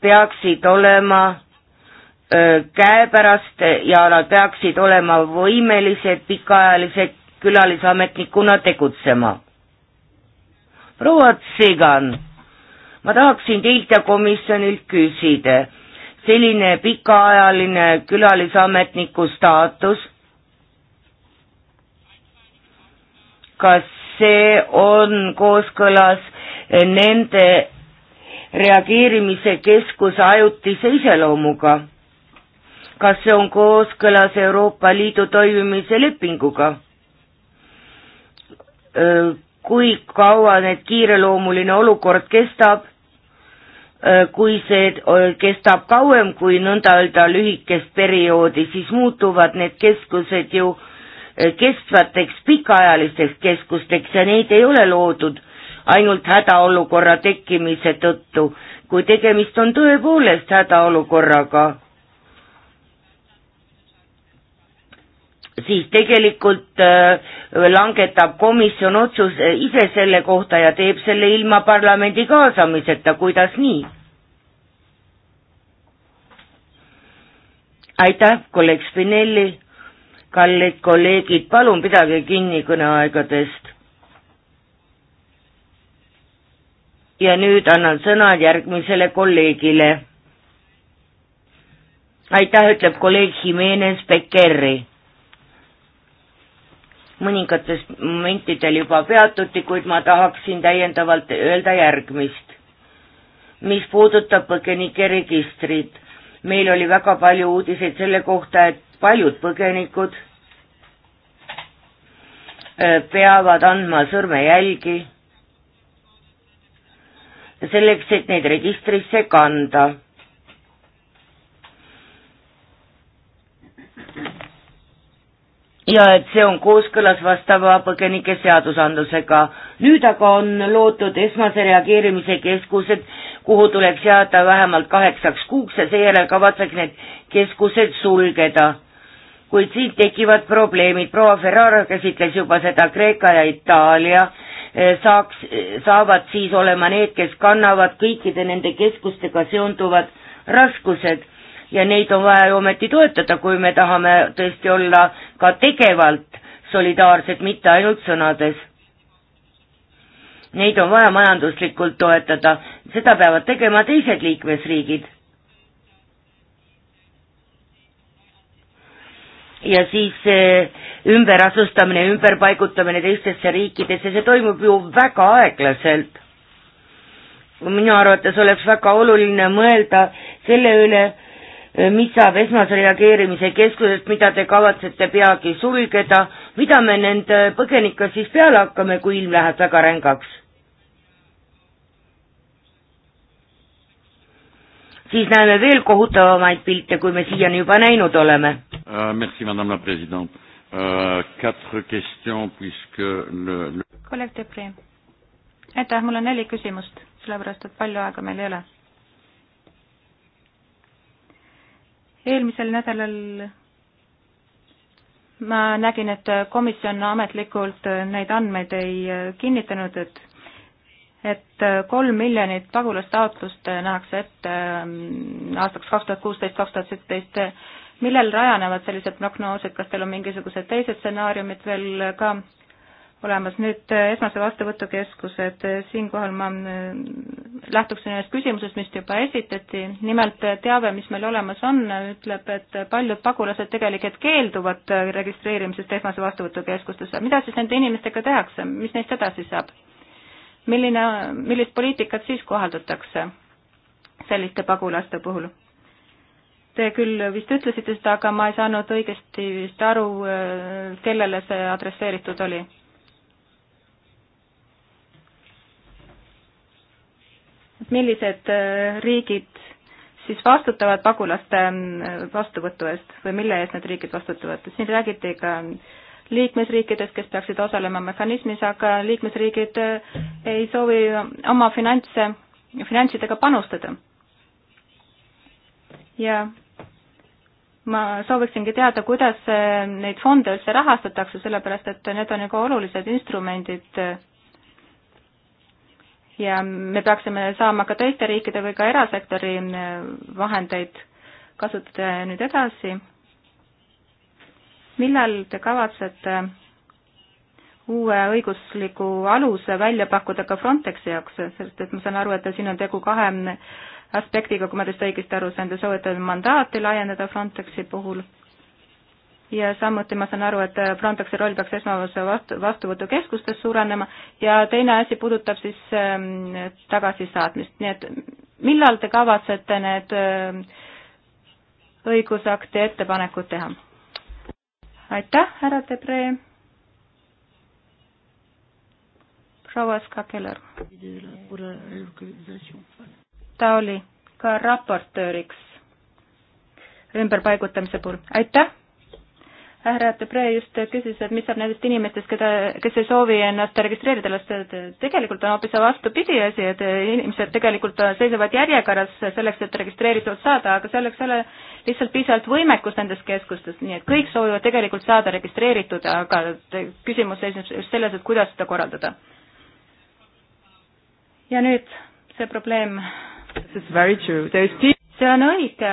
peaksid olema käepärast ja nad peaksid olema võimelised pikaajalise külalisametnikuna tegutsema. proua Tsigan, ma tahaksin teilt ja komisjonilt küsida, selline pikaajaline külalisametniku staatus, kas see on kooskõlas nende reageerimise keskuse ajutise iseloomuga. kas see on kooskõlas Euroopa Liidu toimimise lepinguga? kui kaua need kiireloomuline olukord kestab, kui see kestab kauem kui nõnda öelda lühikest perioodi, siis muutuvad need keskused ju kestvateks pikaajalisteks keskusteks ja neid ei ole loodud ainult hädaolukorra tekkimise tõttu, kui tegemist on tõepoolest hädaolukorraga, siis tegelikult äh, langetab komisjon otsuse ise selle kohta ja teeb selle ilma parlamendi kaasamiseta, kuidas nii? aitäh, kolleeg Spinelli, kallid kolleegid, palun pidage kinni kõneaegadest ja nüüd annan sõna järgmisele kolleegile. aitäh, ütleb kolleeg Jimenez Becerri. mõningates momentidel juba peatuti, kuid ma tahaksin täiendavalt öelda järgmist. mis puudutab põgenike registrit, meil oli väga palju uudiseid selle kohta, et paljud põgenikud äh, peavad andma sõrmejälgi selleks, et neid registrisse kanda. ja et see on kooskõlas vastava põgenike seadusandlusega. nüüd aga on loodud esmase reageerimise keskused, kuhu tuleks jääda vähemalt kaheksaks kuuks ja seejärel kavatseks need keskused sulgeda. kuid siit tekivad probleemid, proua Ferrara käsitles juba seda Kreeka ja Itaalia saaks, saavad siis olema need, kes kannavad kõikide nende keskustega seonduvad raskused ja neid on vaja ju ometi toetada, kui me tahame tõesti olla ka tegevalt solidaarsed, mitte ainult sõnades. Neid on vaja majanduslikult toetada, seda peavad tegema teised liikmesriigid ja siis ümberasustamine, ümberpaigutamine teistesse riikidesse, see toimub ju väga aeglaselt. minu arvates oleks väga oluline mõelda selle üle, mis saab esmase reageerimise keskusest, mida te kavatsete peagi sulgeda, mida me nende põgenikega siis peale hakkame, kui ilm läheb väga rängaks siis näeme veel kohutavamaid pilte, kui me siiani juba näinud oleme uh,. Merci, madame la president uh,. Quatre question puisque le, le.... kolleeg Depri, aitäh, mul on neli küsimust, sellepärast et palju aega meil ei ole. eelmisel nädalal ma nägin, et komisjon ametlikult neid andmeid ei kinnitanud, et et äh, kolm miljonit pagulastaotlust äh, nähakse ette ähm, aastaks kaks tuhat kuusteist, kaks tuhat seitseteist. millel rajanevad sellised prognoosid, kas teil on mingisugused teised stsenaariumid veel ka olemas? nüüd äh, esmase vastuvõtukeskused, siinkohal ma lähtuksin ühest küsimusest, mis juba esitati, nimelt teave, mis meil olemas on, ütleb, et paljud pagulased tegelikult keelduvad registreerimisest esmase vastuvõtukeskustesse, mida siis nende inimestega tehakse, mis neist edasi saab? milline, millist poliitikat siis kohaldatakse selliste pagulaste puhul? Te küll vist ütlesite seda, aga ma ei saanud õigesti vist aru, äh, kellele see adresseeritud oli millised äh, riigid siis vastutavad pagulaste äh, vastuvõtu eest või mille eest need riigid vastutavad, siin räägiti ka liikmesriikidest, kes peaksid osalema mehhanismis, aga liikmesriigid eh, ei soovi oma finantse, finantsidega panustada. ja ma sooviksingi teada, kuidas eh, neid fonde üldse rahastatakse, sellepärast et need on ju ka olulised instrumendid ja me peaksime saama ka teiste riikide või ka erasektori eh, vahendeid kasutada nüüd edasi millal te kavatsete uue õigusliku aluse välja pakkuda ka Frontexi jaoks, sest et ma saan aru, et siin on tegu kahe aspektiga, kui ma teist õigesti aru sain, te soovite mandaati laiendada Frontexi puhul ja samuti ma saan aru, et Frontexi roll peaks esmase vastu, vastuvõtukeskustes suurenema ja teine asi puudutab siis ähm, tagasisaatmist, nii et millal te kavatsete need äh, õigusakti ettepanekud teha? aitäh, härra Debre. proua Skakeler. ta oli ka raportööriks ümberpaigutamise puhul, aitäh härra Debre just küsis, et mis saab nendest inimestest, keda, kes ei soovi ennast registreerida lasta, et tegelikult on hoopis vastupidi asi, et inimesed tegelikult seisavad järjekorras selleks, et registreeritud saada, aga selleks ei ole lihtsalt piisavalt võimekust nendes keskustes, nii et kõik soovivad tegelikult saada registreeritud, aga küsimus seisneb just selles, et kuidas seda korraldada. ja nüüd see probleem. see on õige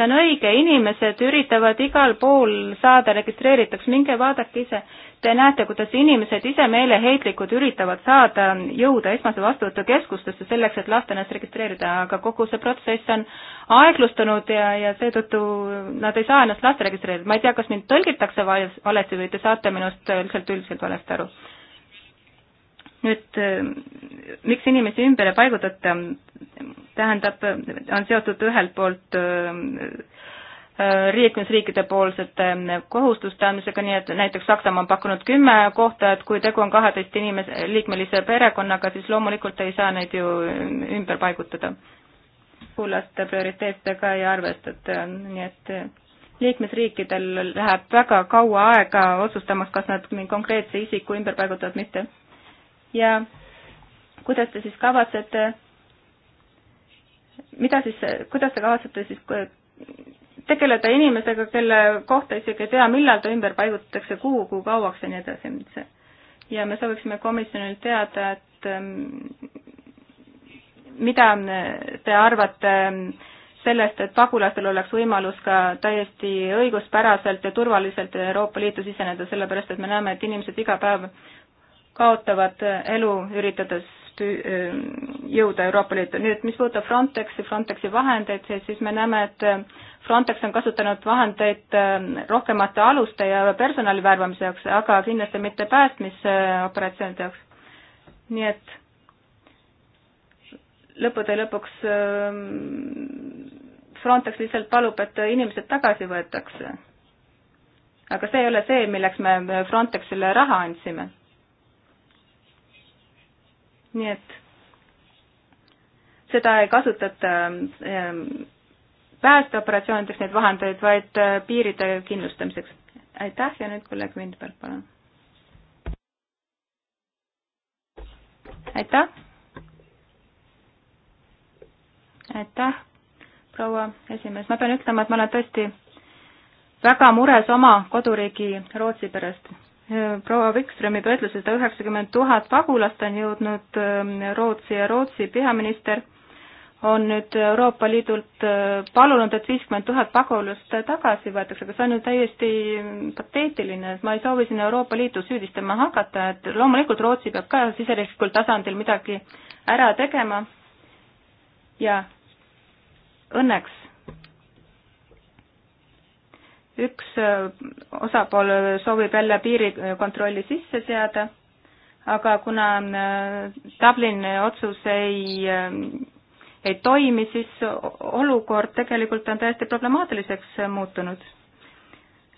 see on õige, inimesed üritavad igal pool saada registreerituks, minge vaadake ise. Te näete, kuidas inimesed ise meeleheitlikud üritavad saada, jõuda esmase vastuvõtukeskustesse selleks, et lasta ennast registreerida, aga kogu see protsess on aeglustunud ja, ja seetõttu nad ei saa ennast lasta registreerida. ma ei tea, kas mind tõlgitakse valesti või te saate minust lihtsalt üldiselt valesti aru nüüd miks inimesi ümber ei paigutata, tähendab, on seotud ühelt poolt äh, äh, liikmesriikide poolsete äh, kohustuste andmisega, nii et näiteks Saksamaa on pakkunud kümme kohta, et kui tegu on kaheteist inimese, liikmelise perekonnaga, siis loomulikult ei saa neid ju ümber paigutada pagulaste prioriteetidega ei arvestata, nii et liikmesriikidel läheb väga kaua aega otsustamaks, kas nad mingi konkreetse isiku ümber paigutavad, mitte. ja kuidas te siis kavatsete mida siis, kuidas te kavatsete siis tegeleda inimestega, kelle kohta isegi ei tea, millal ta ümber paigutatakse, kuhu, kuhu kauaks ja nii edasi. ja me sooviksime komisjonilt teada, et mm, mida te arvate mm, sellest, et pagulastel oleks võimalus ka täiesti õiguspäraselt ja turvaliselt Euroopa Liitu siseneda, sellepärast et me näeme, et inimesed iga päev kaotavad elu, üritades Ehm, jõuda Euroopa Liitu. nüüd, mis puudutab Frontexi, Frontexi vahendeid, siis me näeme, et ehm, Frontex on kasutanud vahendeid ehm, rohkemate aluste ja personali värvamise jaoks, aga kindlasti mitte päästmisoperatsioonide jaoks. nii et lõppude lõpuks Frontex lihtsalt palub, et inimesed tagasi võetakse. aga see ei ole see, milleks me Frontexile raha andsime nii et seda ei kasutata ähm, ähm, päästeoperatsioonideks neid vahendeid, vaid äh, piiride kindlustamiseks. aitäh ja nüüd kolleeg Vindberg, palun. aitäh. aitäh, proua esimees, ma pean ütlema, et ma olen tõesti väga mures oma koduriigi Rootsi pärast proua Wikströmi juba ütles, et üheksakümmend tuhat pagulast on jõudnud ähm, Rootsi ja Rootsi peaminister on nüüd Euroopa Liidult äh, palunud, et viiskümmend tuhat pagulast tagasi võetakse, aga see on ju täiesti pateetiline, et ma ei soovi siin Euroopa Liitu süüdistama hakata, et loomulikult Rootsi peab ka siseriiklikul tasandil midagi ära tegema ja õnneks üks äh, osapool soovib jälle piirikontrolli sisse seada, aga kuna äh, Dublini otsus ei, äh, ei toimi, siis olukord tegelikult on täiesti problemaatiliseks muutunud.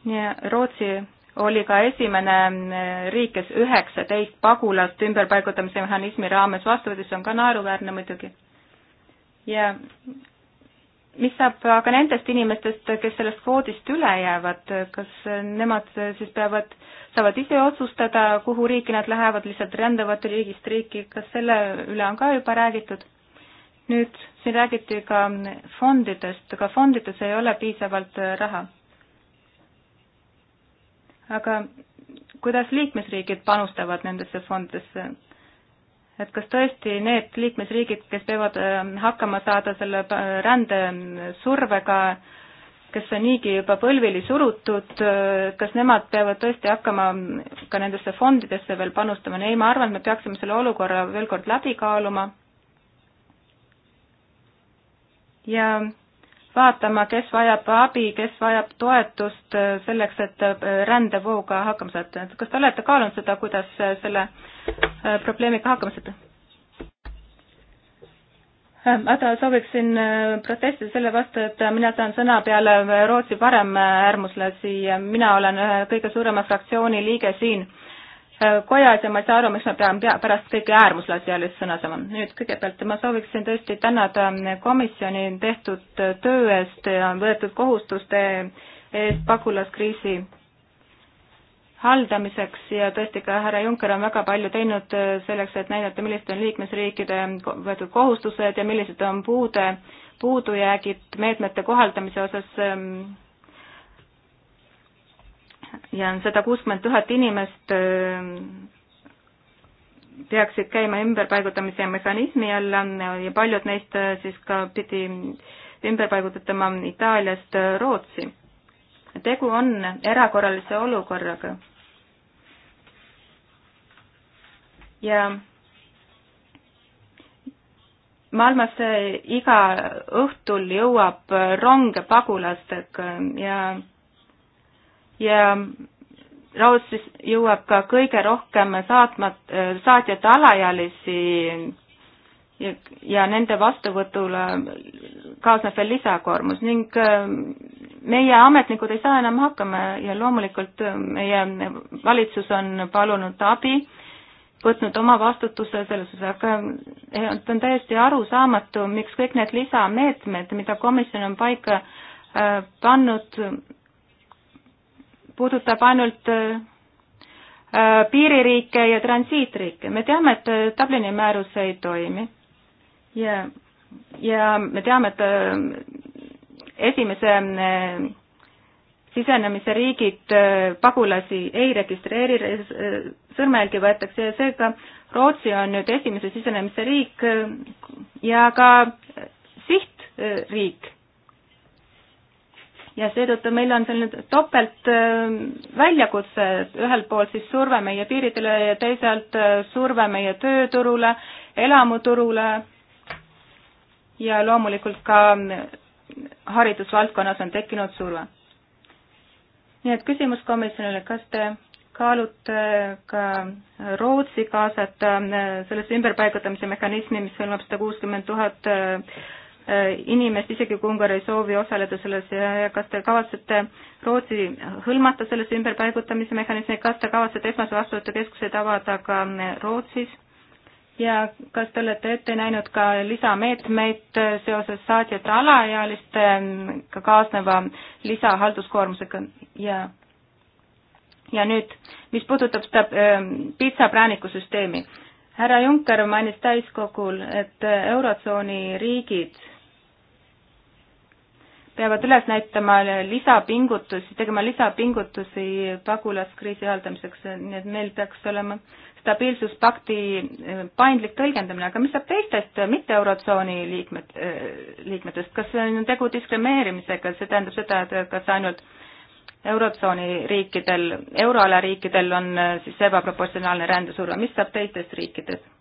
nii Rootsi oli ka esimene riik, kes üheksateist pagulast ümberpaigutamise mehhanismi raames vastu võttis, see on ka naeruväärne muidugi. ja mis saab aga nendest inimestest, kes sellest kvoodist üle jäävad, kas nemad siis peavad, saavad ise otsustada, kuhu riiki nad lähevad, lihtsalt rändavad riigist riiki, kas selle üle on ka juba räägitud? nüüd siin räägiti ka fondidest, ka fondides ei ole piisavalt raha. aga kuidas liikmesriigid panustavad nendesse fondidesse, et kas tõesti need liikmesriigid, kes peavad äh, hakkama saada selle äh, rändesurvega, äh, kes on niigi juba põlvili surutud, kas nemad peavad tõesti hakkama ka nendesse fondidesse veel panustama, ei, ma arvan, et me peaksime selle olukorra veel kord läbi kaaluma ja vaatama, kes vajab abi, kes vajab toetust äh, selleks, et äh, rändevooga hakkama saada. kas te olete kaalunud seda, kuidas äh, selle probleemiga hakkama saada? Adra, sooviksin protestida selle vastu, et mina saan sõna peale Rootsi paremäärmuslasi ja mina olen ühe kõige suurema fraktsiooni liige siin Äh, kojas ja ma ei saa aru, miks ma pean pea, pärast kõiki äärmuslasi alles sõnasema. nüüd kõigepealt ma sooviksin tõesti tänada ähm, komisjoni tehtud äh, töö eest ja võetud kohustuste eest pagulaskriisi haldamiseks ja tõesti ka härra Juncker on väga palju teinud äh, selleks, et näidata, millised on liikmesriikide võetud kohustused ja millised on puude, puudujäägid meetmete kohaldamise osas ähm, ja on sada kuuskümmend tuhat inimest, peaksid käima ümberpaigutamise mehhanismi alla ja paljud neist siis ka pidi ümber paigutatama Itaaliast Rootsi. tegu on erakorralise olukorraga. ja maailmas iga õhtul jõuab ronge pagulastega ja ja Rootsis jõuab ka kõige rohkem saatmat, saatjate alaealisi ja, ja nende vastuvõtule kaasneb veel lisakoormus ning äh, meie ametnikud ei saa enam hakkama ja loomulikult äh, meie valitsus on palunud abi, võtnud oma vastutuse selles osas, aga äh, on täiesti arusaamatu, miks kõik need lisameetmed, mida komisjon on paika pannud, puudutab ainult äh, äh, piiririike ja transiitriike. me teame, et äh, Dublini määrus ei toimi ja, ja me teame, et esimese sisenemise riigid pagulasi ei registreeri, sõrmejälgi võetakse ja seega Rootsi on nüüd esimese sisenemise riik ja ka sihtriik ja seetõttu meil on selline topelt äh, väljakutse, et ühelt poolt siis surve meie piiridele ja teisalt äh, surve meie tööturule, elamuturule ja loomulikult ka äh, haridusvaldkonnas on tekkinud surve. nii et küsimus komisjonile, kas te kaalute ka Rootsi kaasata sellesse ümberpaigutamise mehhanismi, mis hõlmab sada kuuskümmend tuhat Äh, inimest, isegi kui Ungar ei soovi osaleda selles ja kas te kavatsete Rootsi hõlmata sellesse ümberpaigutamise mehhanismi, kas te kavatsete esmase vastuvõtu keskuseid avada ka äh, Rootsis ja kas te olete ette näinud ka lisameetmeid äh, seoses saatjate alaealistega ähm, ka kaasneva lisahalduskoormusega ja ja nüüd, mis puudutab seda ähm, pitsapräänikusüsteemi härra Juncker mainis täiskogul, et Eurotsooni riigid peavad üles näitama lisapingutusi, tegema lisapingutusi pagulaskriisi haldamiseks, nii et meil peaks olema stabiilsuspakti eh, paindlik tõlgendamine, aga mis saab teistest mitte Eurotsooni liikmed, eh, liikmetest, kas on tegu diskrimineerimisega, see tähendab seda, et kas ainult Eurotsooni riikidel, euroala riikidel on eh, siis ebaproportsionaalne rändesurve, mis saab teistest riikidest?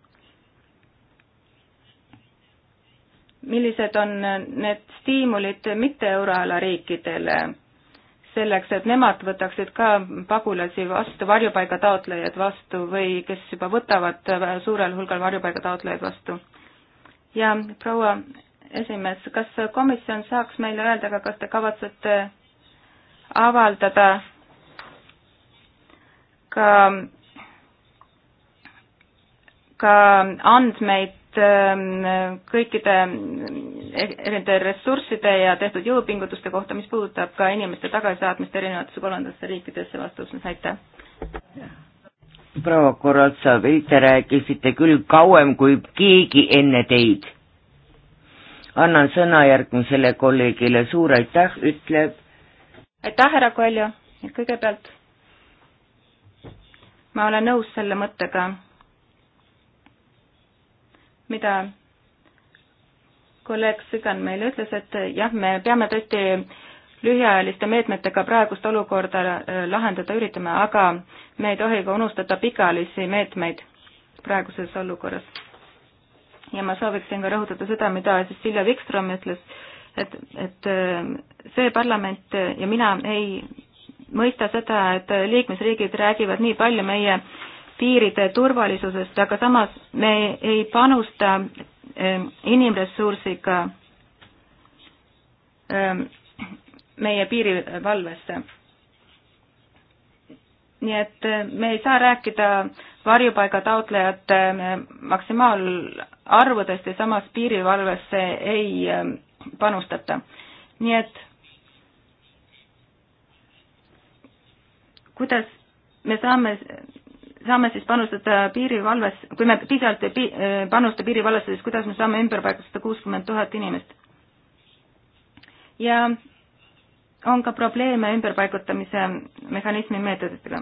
millised on need stiimulid mitte euroala riikidele, selleks et nemad võtaksid ka pagulasi vastu, varjupaigataotlejaid vastu või kes juba võtavad suurel hulgal varjupaigataotlejaid vastu. ja proua esimees, kas komisjon saaks meile öelda ka, kas te kavatsete avaldada ka, ka andmeid et ähm, kõikide eh, erinevate ressursside ja tehtud jõupingutuste kohta, mis puudutab ka inimeste tagasisaatmist erinevatesse kolmandatesse riikidesse, vastus on aitäh. proua Korotsavi, te rääkisite küll kauem kui keegi enne teid. annan sõna järgmisele kolleegile, suur aitäh, ütleb. aitäh, härra Koljo, kõigepealt ma olen nõus selle mõttega mida kolleeg Sügan meile ütles, et jah, me peame tõesti lühiajaliste meetmetega praegust olukorda äh, lahendada üritame, aga me ei tohi ka unustada pikaajalisi meetmeid praeguses olukorras. ja ma sooviksin ka rõhutada seda, mida siis Silja Vikström ütles, et, et äh, see parlament ja mina ei mõista seda, et liikmesriigid räägivad nii palju meie äh, piiride turvalisusest, aga samas me ei panusta ähm, inimressursiga ähm, meie piirivalvesse. nii et äh, me ei saa rääkida varjupaiga taotlejate ähm, maksimaalarvudest ja samas piirivalvesse ei panustata. nii et kuidas me saame saame siis panustada piirivalves, kui me piisavalt ei pi-, äh, panusta piirivalvesse, siis kuidas me saame ümber paigata kuuskümmend tuhat inimest? ja on ka probleeme ümberpaigutamise mehhanismi meetoditega.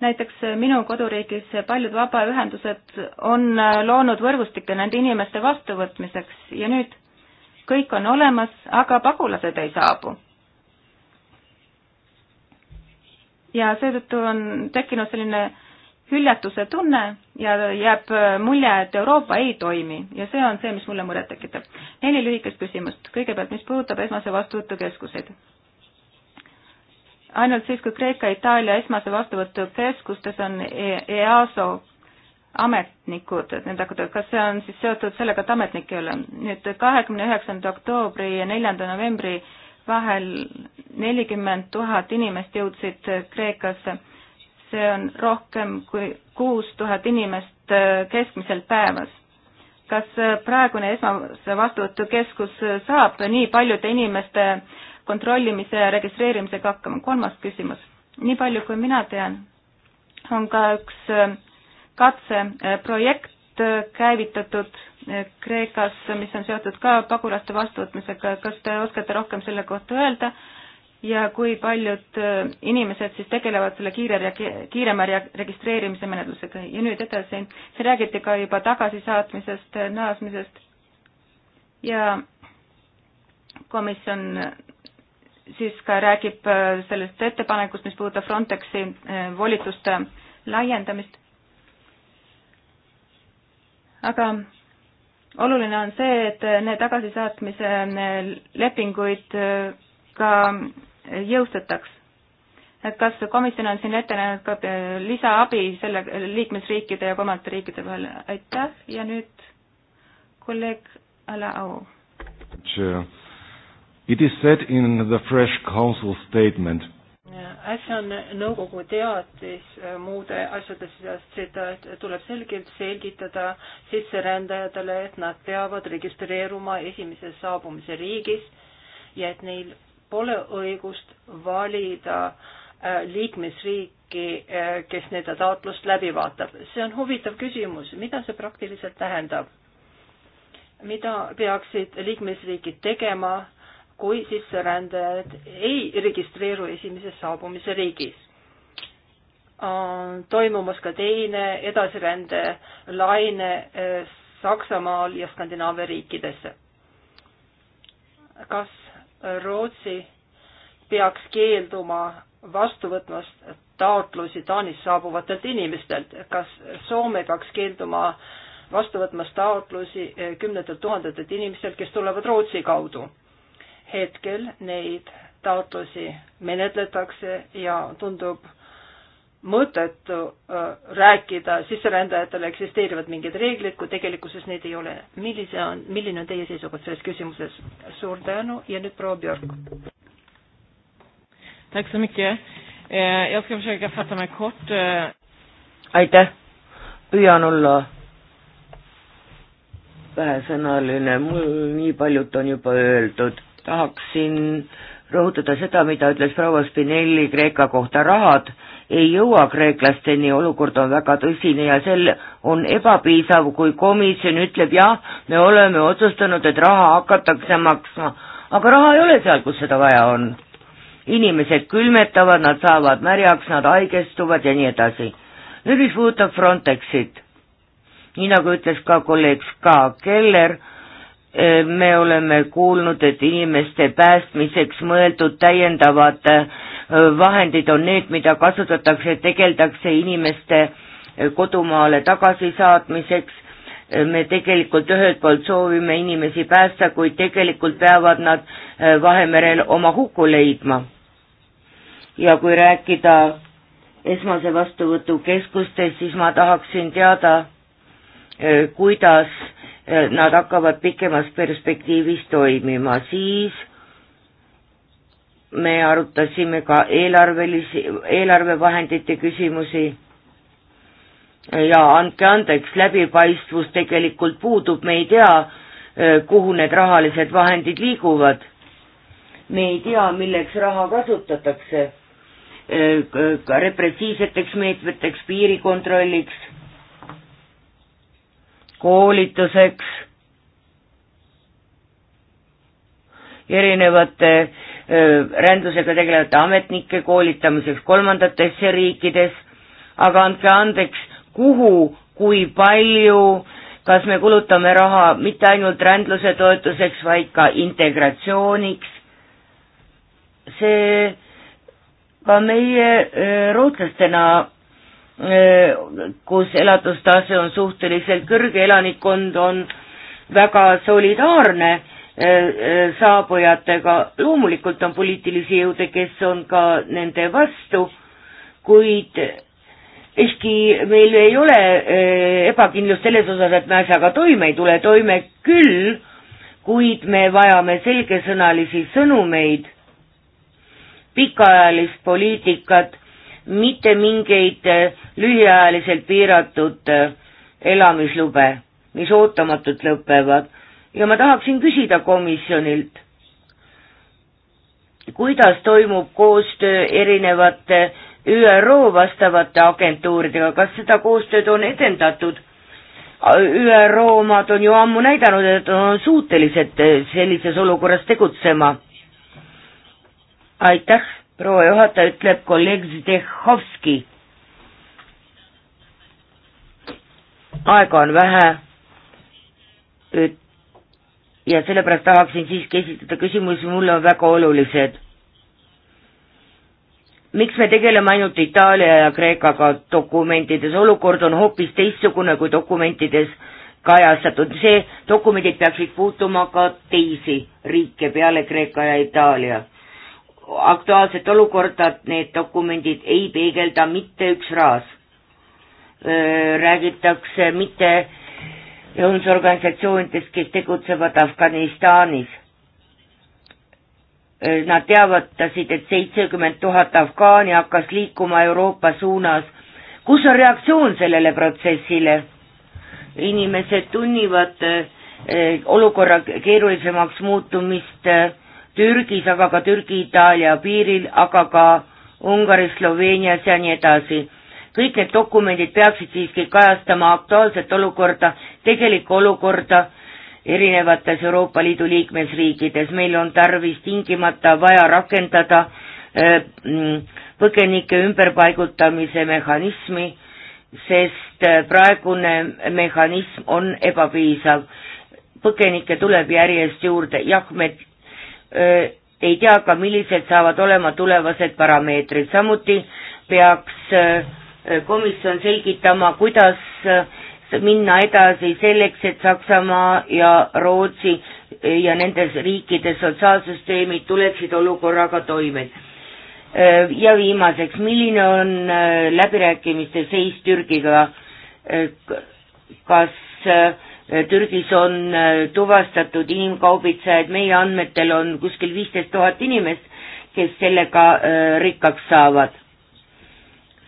näiteks minu koduriigis paljud vabaühendused on äh, loonud võrgustikke nende inimeste vastuvõtmiseks ja nüüd kõik on olemas, aga pagulased ei saabu ja seetõttu on tekkinud selline hüljatuse tunne ja jääb mulje, et Euroopa ei toimi ja see on see, mis mulle muret tekitab. neli lühikest küsimust. kõigepealt, mis puudutab esmase vastuvõtukeskuseid? ainult siis, kui Kreeka, Itaalia esmase vastuvõtukeskustes on e-, EASO ametnikud, et need hakkavad, kas see on siis seotud sellega, et ametnikke ei ole? nüüd kahekümne üheksanda oktoobri ja neljanda novembri vahel nelikümmend tuhat inimest jõudsid Kreekasse. see on rohkem kui kuus tuhat inimest äh, keskmiselt päevas. kas äh, praegune esmase vastuvõtukeskus äh, saab nii paljude inimeste kontrollimise ja registreerimisega hakkama? kolmas küsimus. nii palju, kui mina tean, on ka üks katseprojekt käivitatud Kreekas, mis on seotud ka pagulaste vastuvõtmisega, kas te oskate rohkem selle kohta öelda ja kui paljud äh, inimesed siis tegelevad selle kiire, kiirema registreerimise menetlusega ja nüüd edasi, siin räägiti ka juba tagasisaatmisest, äh, naasmisest ja komisjon äh, siis ka räägib sellest ettepanekust, mis puudutab Frontexi volituste laiendamist. aga oluline on see, et need tagasisaatmise lepinguid äh, ka jõustataks. et kas komisjon on siin ette näinud ka äh, lisaabi selle äh, liikmesriikide ja kolmandate riikide vahel, aitäh ja nüüd kolleeg Ala Au. It is said in the fresh council statement äsja on nõukogu teatis äh, muude asjade seas, seda tuleb selgelt selgitada sisserändajatele, et nad peavad registreeruma esimeses saabumise riigis ja et neil pole õigust valida äh, liikmesriiki, äh, kes nende taotlust läbi vaatab. see on huvitav küsimus, mida see praktiliselt tähendab? mida peaksid liikmesriigid tegema kui sisserändajad ei registreeru esimeses saabumise riigis. on toimumas ka teine edasirände laine eh, Saksamaal ja Skandinaavia riikidesse. kas Rootsi peaks keelduma vastu võtmast taotlusi Taanist saabuvatelt inimestelt, kas Soome peaks keelduma vastu võtmas taotlusi eh, kümnetelt tuhandetelt inimestelt, kes tulevad Rootsi kaudu? hetkel neid taotlusi menetletakse ja tundub mõttetu äh, rääkida sisserändajatele eksisteerivad mingid reeglid, kui tegelikkuses neid ei ole. millise on, milline on teie seisukoht selles küsimuses? suur tänu ja nüüd proua Björk. Eh, eh. aitäh, püüan olla vähesõnaline, mul nii paljut on juba öeldud tahaksin rõhutada seda, mida ütles proua Spinelli Kreeka kohta, rahad ei jõua kreeklasteni, olukord on väga tõsine ja sel on ebapiisav, kui komisjon ütleb jah, me oleme otsustanud, et raha hakatakse maksma, aga raha ei ole seal, kus seda vaja on. inimesed külmetavad, nad saavad märjaks, nad haigestuvad ja nii edasi. nüüd, mis puudutab Frontexit, nii nagu ütles ka kolleeg Ska Keller, Eh, me oleme kuulnud, et inimeste päästmiseks mõeldud täiendavad eh, vahendid on need, mida kasutatakse, tegeldakse inimeste eh, kodumaale tagasisaatmiseks, me tegelikult ühelt poolt soovime inimesi päästa, kuid tegelikult peavad nad Vahemerel oma huku leidma. ja kui rääkida esmase vastuvõtu keskustest, siis ma tahaksin teada, kuidas äh, nad hakkavad pikemas perspektiivis toimima, siis me arutasime ka eelarvelisi, eelarvevahendite küsimusi ja andke andeks, läbipaistvus tegelikult puudub, me ei tea, kuhu need rahalised vahendid liiguvad. me ei tea, milleks raha kasutatakse, repressiivseteks meetmeteks, piirikontrolliks koolituseks, erinevate rändusega tegelevate ametnike koolitamiseks kolmandatesse riikides, aga andke andeks, kuhu, kui palju, kas me kulutame raha mitte ainult rändluse toetuseks, vaid ka integratsiooniks, see ka meie rootslastena kus elatustase on suhteliselt kõrge, elanikkond on väga solidaarne e, e, saabujatega, loomulikult on poliitilisi jõude, kes on ka nende vastu, kuid ehkki meil ei ole e, ebakindlust selles osas, et me asjaga toime ei tule, toime küll, kuid me vajame selgesõnalisi sõnumeid, pikaajalist poliitikat, mitte mingeid äh, lühiajaliselt piiratud äh, elamislube, mis ootamatult lõpevad. ja ma tahaksin küsida komisjonilt, kuidas toimub koostöö erinevate ÜRO vastavate agentuuridega, kas seda koostööd on edendatud? ÜRO omad on ju ammu näidanud, et on suutelised äh, sellises olukorras tegutsema. aitäh proua juhataja ütleb kolleeg Zdechovski. aega on vähe üt- ja sellepärast tahaksin siiski esitada küsimusi, mulle on väga olulised. miks me tegeleme ainult Itaalia ja Kreekaga dokumentides, olukord on hoopis teistsugune kui dokumentides kajastatud, see dokumendid peaksid puutuma ka teisi riike peale Kreeka ja Itaalia aktuaalset olukorda, et need dokumendid ei peegelda mitte üks raas. räägitakse mitte jõudlusorganisatsioonidest, kes tegutsevad Afganistanis. Nad teavatasid, et seitsekümmend tuhat afgaani hakkas liikuma Euroopa suunas. kus on reaktsioon sellele protsessile? inimesed tunnivad olukorra keerulisemaks muutumist Türgis, aga ka Türgi-Itaalia piiril, aga ka Ungaris, Sloveenias ja nii edasi. kõik need dokumendid peaksid siiski kajastama aktuaalset olukorda, tegelikku olukorda erinevates Euroopa Liidu liikmesriikides, meil on tarvis tingimata vaja rakendada eh, mm, põgenike ümberpaigutamise mehhanismi, sest eh, praegune mehhanism on ebapiisav. põgenikke tuleb järjest juurde, jah, me ei tea ka, millised saavad olema tulevased parameetrid, samuti peaks komisjon selgitama, kuidas minna edasi selleks, et Saksamaa ja Rootsi ja nendes riikides sotsiaalsüsteemid tuleksid olukorraga toime. ja viimaseks, milline on läbirääkimiste seis Türgiga, kas Türgis on äh, tuvastatud inimkaubitsejaid, meie andmetel on kuskil viisteist tuhat inimest, kes sellega äh, rikkaks saavad.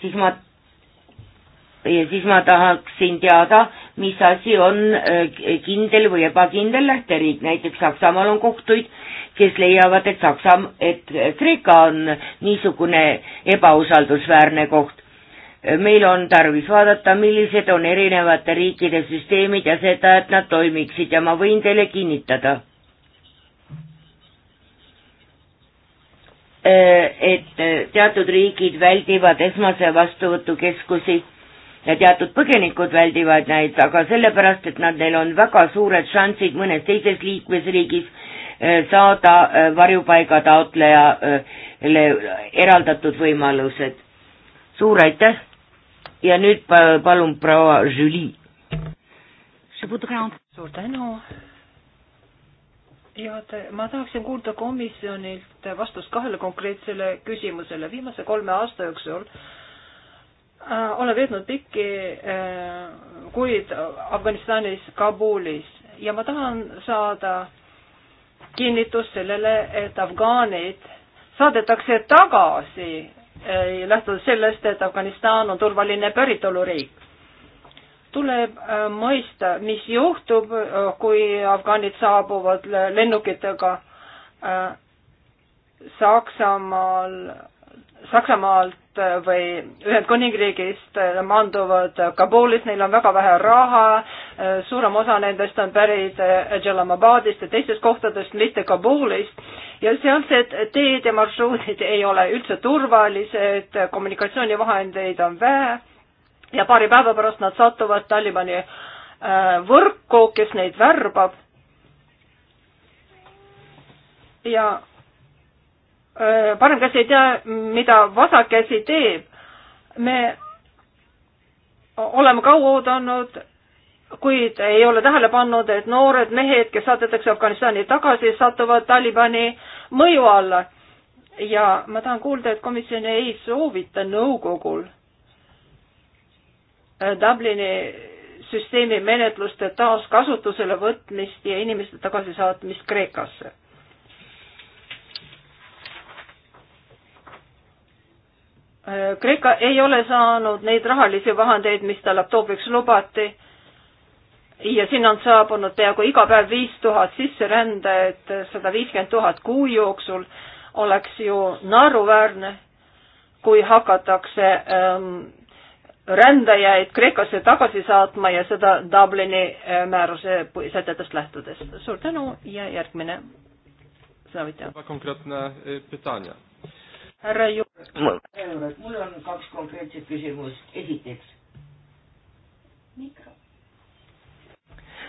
siis ma, ja siis ma tahaksin teada, mis asi on äh, kindel või ebakindel lähteriik, näiteks Saksamaal on kohtuid, kes leiavad, et Saksa, et Kreeka on niisugune ebausaldusväärne koht meil on tarvis vaadata, millised on erinevate riikide süsteemid ja seda, et nad toimiksid ja ma võin teile kinnitada, eh, et teatud riigid väldivad esmase vastuvõtukeskusi ja teatud põgenikud väldivad neid, aga sellepärast, et nad, neil on väga suured šansid mõnes teises liikmesriigis eh, saada eh, varjupaiga taotlejale eraldatud võimalused. suur aitäh! ja nüüd palun proua Julie. suur tänu ja te, ma tahaksin kuulda komisjonilt vastust kahele konkreetsele küsimusele. viimase kolme aasta jooksul äh, olen veetnud pikki äh, kuid Afganistanis, Kabulis ja ma tahan saada kinnitust sellele, et afgaanid saadetakse tagasi lähtudes sellest, et Afganistan on turvaline päritoluriik. tuleb äh, mõista, mis juhtub, äh, kui afgaanid saabuvad lennukitega äh, Saksamaal Saksamaalt äh, või Ühendkuningriigist äh, maanduvad Kabulis, neil on väga vähe raha, äh, suurem osa nendest on pärit Jalamabadist ja teistest kohtadest, mitte Kabulist, ja sealsed teed ja marsruudid ei ole üldse turvalised, kommunikatsioonivahendeid on vähe ja paari päeva pärast nad satuvad Talibani võrku, kes neid värbab. ja Äh, parem käsi ei tea, mida vasak käsi teeb. me oleme kaua oodanud, kuid ei ole tähele pannud, et noored mehed, kes saadetakse Afganistani tagasi, satuvad Talibani mõju alla. ja ma tahan kuulda, et komisjon ei soovita nõukogul äh, Dublini süsteemi menetluste taaskasutusele võtmist ja inimeste tagasisaatmist Kreekasse Äh, Kreeka ei ole saanud neid rahalisi vahendeid, mis talle oktoobriks lubati ja sinna on saabunud peaaegu iga päev viis tuhat sisserändajat, sada viiskümmend tuhat kuu jooksul, oleks ju naeruväärne, kui hakatakse ähm, rändajaid Kreekasse tagasi saatma ja seda Dublini äh, määruse sätetest lähtudes. suur tänu ja järgmine sõnavõtja. konkreetne küsimus härra Ju-. mul on kaks konkreetset küsimust, esiteks.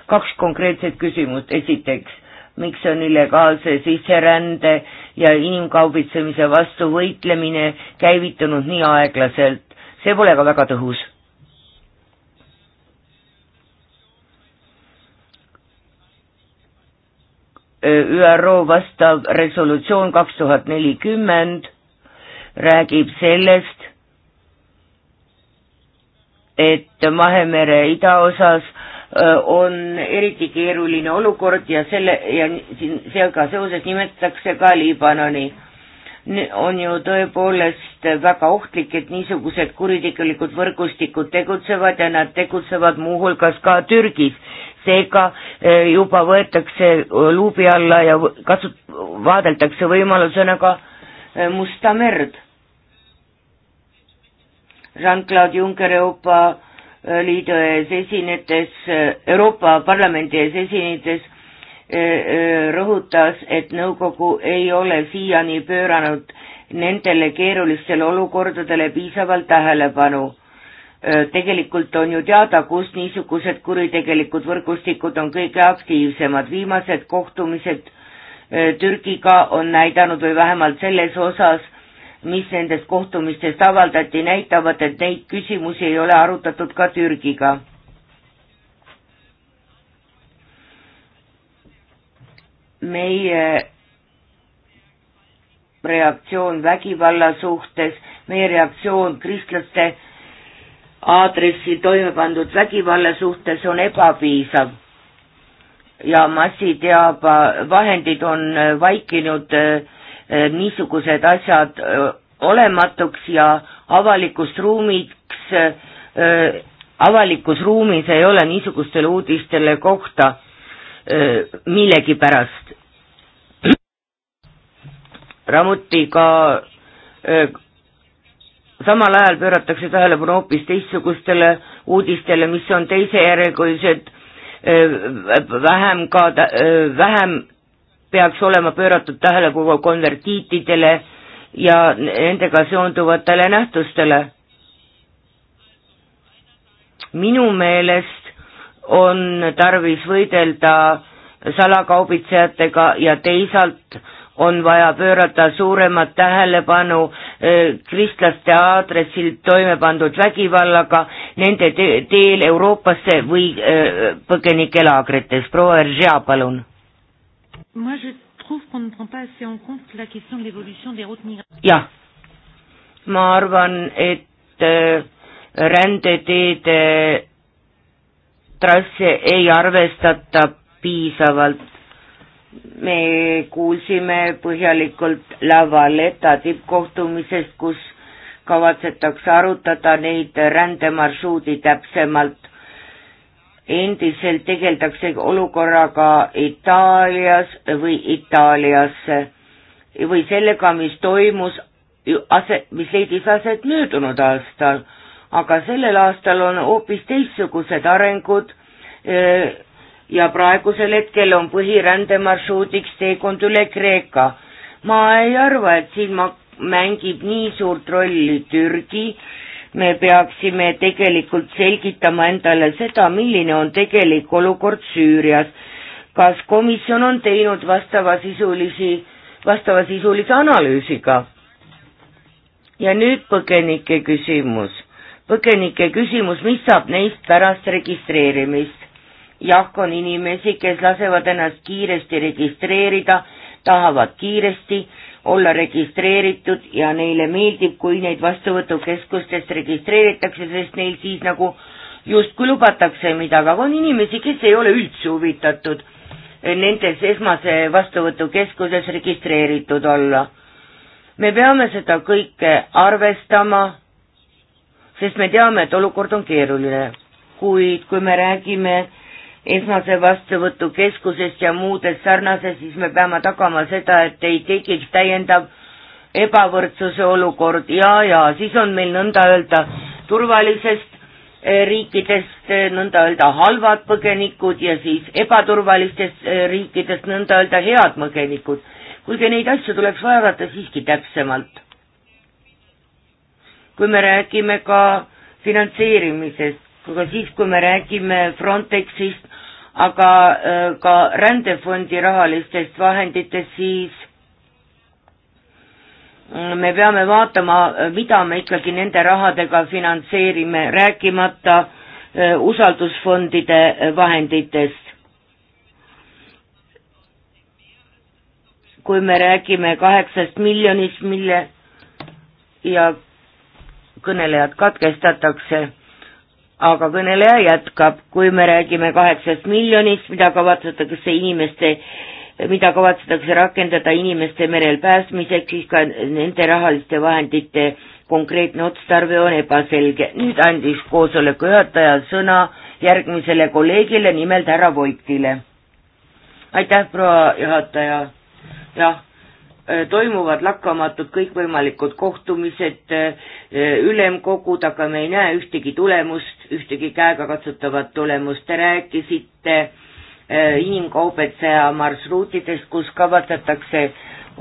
kaks konkreetset küsimust, esiteks, miks on illegaalse sisserände ja inimkaubitsemise vastu võitlemine käivitunud nii aeglaselt, see pole ka väga tõhus ÜRO vastav resolutsioon kaks tuhat nelikümmend räägib sellest, et Mahemere idaosas on eriti keeruline olukord ja selle ja siin sellega seoses nimetatakse ka Liibanoni. on ju tõepoolest väga ohtlik, et niisugused kuritegelikud võrgustikud tegutsevad ja nad tegutsevad muuhulgas ka Türgis. seega juba võetakse luubi alla ja kasut-, vaadeldakse võimalusena ka Äh, Musta merd. Jean-Claude Juncker Euroopa äh, Liidu ees esinedes, äh, Euroopa Parlamendi ees esinedes rõhutas, et nõukogu ei ole siiani pööranud nendele keerulistele olukordadele piisavalt tähelepanu tegelikult on ju teada, kus niisugused kuritegelikud võrgustikud on kõige aktiivsemad. viimased kohtumised Äh, Türgiga on näidanud või vähemalt selles osas, mis nendest kohtumistest avaldati, näitavad, et neid küsimusi ei ole arutatud ka Türgiga. meie reaktsioon vägivalla suhtes, meie reaktsioon kristlaste aadressil toime pandud vägivalla suhtes on ebapiisav ja massiteabevahendid on äh, vaikinud äh, äh, niisugused asjad olematuks ja avalikust ruumiks, avalikus ruumis ei ole niisugustele uudistele kohta millegipärast. samuti ka samal ajal pööratakse tähelepanu hoopis teistsugustele uudistele, mis on teisejärgulised Äh, vähem ka, äh, vähem peaks olema pööratud tähelepanu konvertiitidele ja nendega seonduvatele nähtustele. minu meelest on tarvis võidelda salakaubitsejatega ja teisalt äh, on vaja pöörata suuremat tähelepanu eh, kristlaste aadressil toime pandud vägivallaga nende te teel Euroopasse või eh, põgenikelaagrites. proua Eržea, palun. jah, ma arvan, et eh, rändeteede trasse ei arvestata piisavalt me kuulsime põhjalikult La Valeta tippkohtumisest, kus kavatsetakse arutada neid rändemarsruudi täpsemalt. endiselt tegeldakse olukorraga Itaalias või Itaaliasse või sellega, mis toimus, mis leidis aset möödunud aastal, aga sellel aastal on hoopis teistsugused arengud eh, ja praegusel hetkel on põhirändemarsruudiks teekond üle Kreeka. ma ei arva, et siin ma-, mängib nii suurt rolli Türgi, me peaksime tegelikult selgitama endale seda, milline on tegelik olukord Süürias. kas komisjon on teinud vastavasisulisi, vastavasisulise analüüsiga? ja nüüd põgenike küsimus. põgenike küsimus, mis saab neist pärast registreerimist? jah, on inimesi, kes lasevad ennast kiiresti registreerida, tahavad kiiresti olla registreeritud ja neile meeldib, kui neid vastuvõtukeskustes registreeritakse, sest neil siis nagu justkui lubatakse midagi, aga on inimesi, kes ei ole üldse huvitatud nendes esmase vastuvõtukeskuses registreeritud olla. me peame seda kõike arvestama, sest me teame, et olukord on keeruline, kuid kui me räägime esmase vastuvõtukeskusest ja muudest sarnasest, siis me peame tagama seda, et ei tekiks täiendav ebavõrdsuse olukord ja, ja siis on meil nõnda öelda turvalisest eh, riikidest eh, nõnda öelda halvad põgenikud ja siis ebaturvalistest eh, riikidest nõnda öelda head põgenikud. kuigi neid asju tuleks vaadata siiski täpsemalt. kui me räägime ka finantseerimisest, aga siis, kui me räägime Frontexist, aga äh, ka rändefondi rahalistest vahenditest, siis äh, me peame vaatama, äh, mida me ikkagi nende rahadega finantseerime, rääkimata usaldusfondide vahenditest. kui me räägime kaheksast miljonist, mille ja kõnelejad katkestatakse aga kõneleja jätkab, kui me räägime kaheksast miljonist, mida kavatsetakse inimeste, mida kavatsetakse rakendada inimeste merel päästmiseks, siis ka nende rahaliste vahendite konkreetne otstarve on ebaselge. nüüd andis koosoleku juhataja sõna järgmisele kolleegile, nimelt härra Voitile. aitäh, proua juhataja, jah Äh, toimuvad lakkamatud kõikvõimalikud kohtumised, äh, äh, ülemkogud, aga me ei näe ühtegi tulemust, ühtegi käegakatsutavat tulemust. Te rääkisite inimkaubitseja marsruutidest, kus kavatsetakse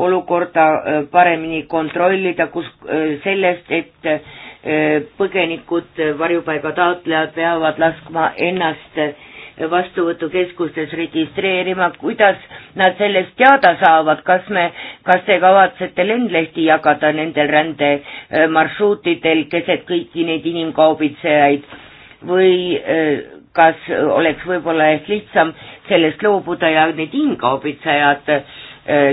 olukorda paremini kontrollida, kus sellest, et põgenikud, varjupaiga taotlejad peavad laskma ennast vastuvõtukeskustes registreerima, kuidas nad sellest teada saavad, kas me, kas te kavatsete lendlehti jagada nendel rändemarsruutidel keset kõiki neid inimkaubitsejaid või eh, kas oleks võib-olla ehk lihtsam sellest loobuda ja need inimkaubitsejad eh,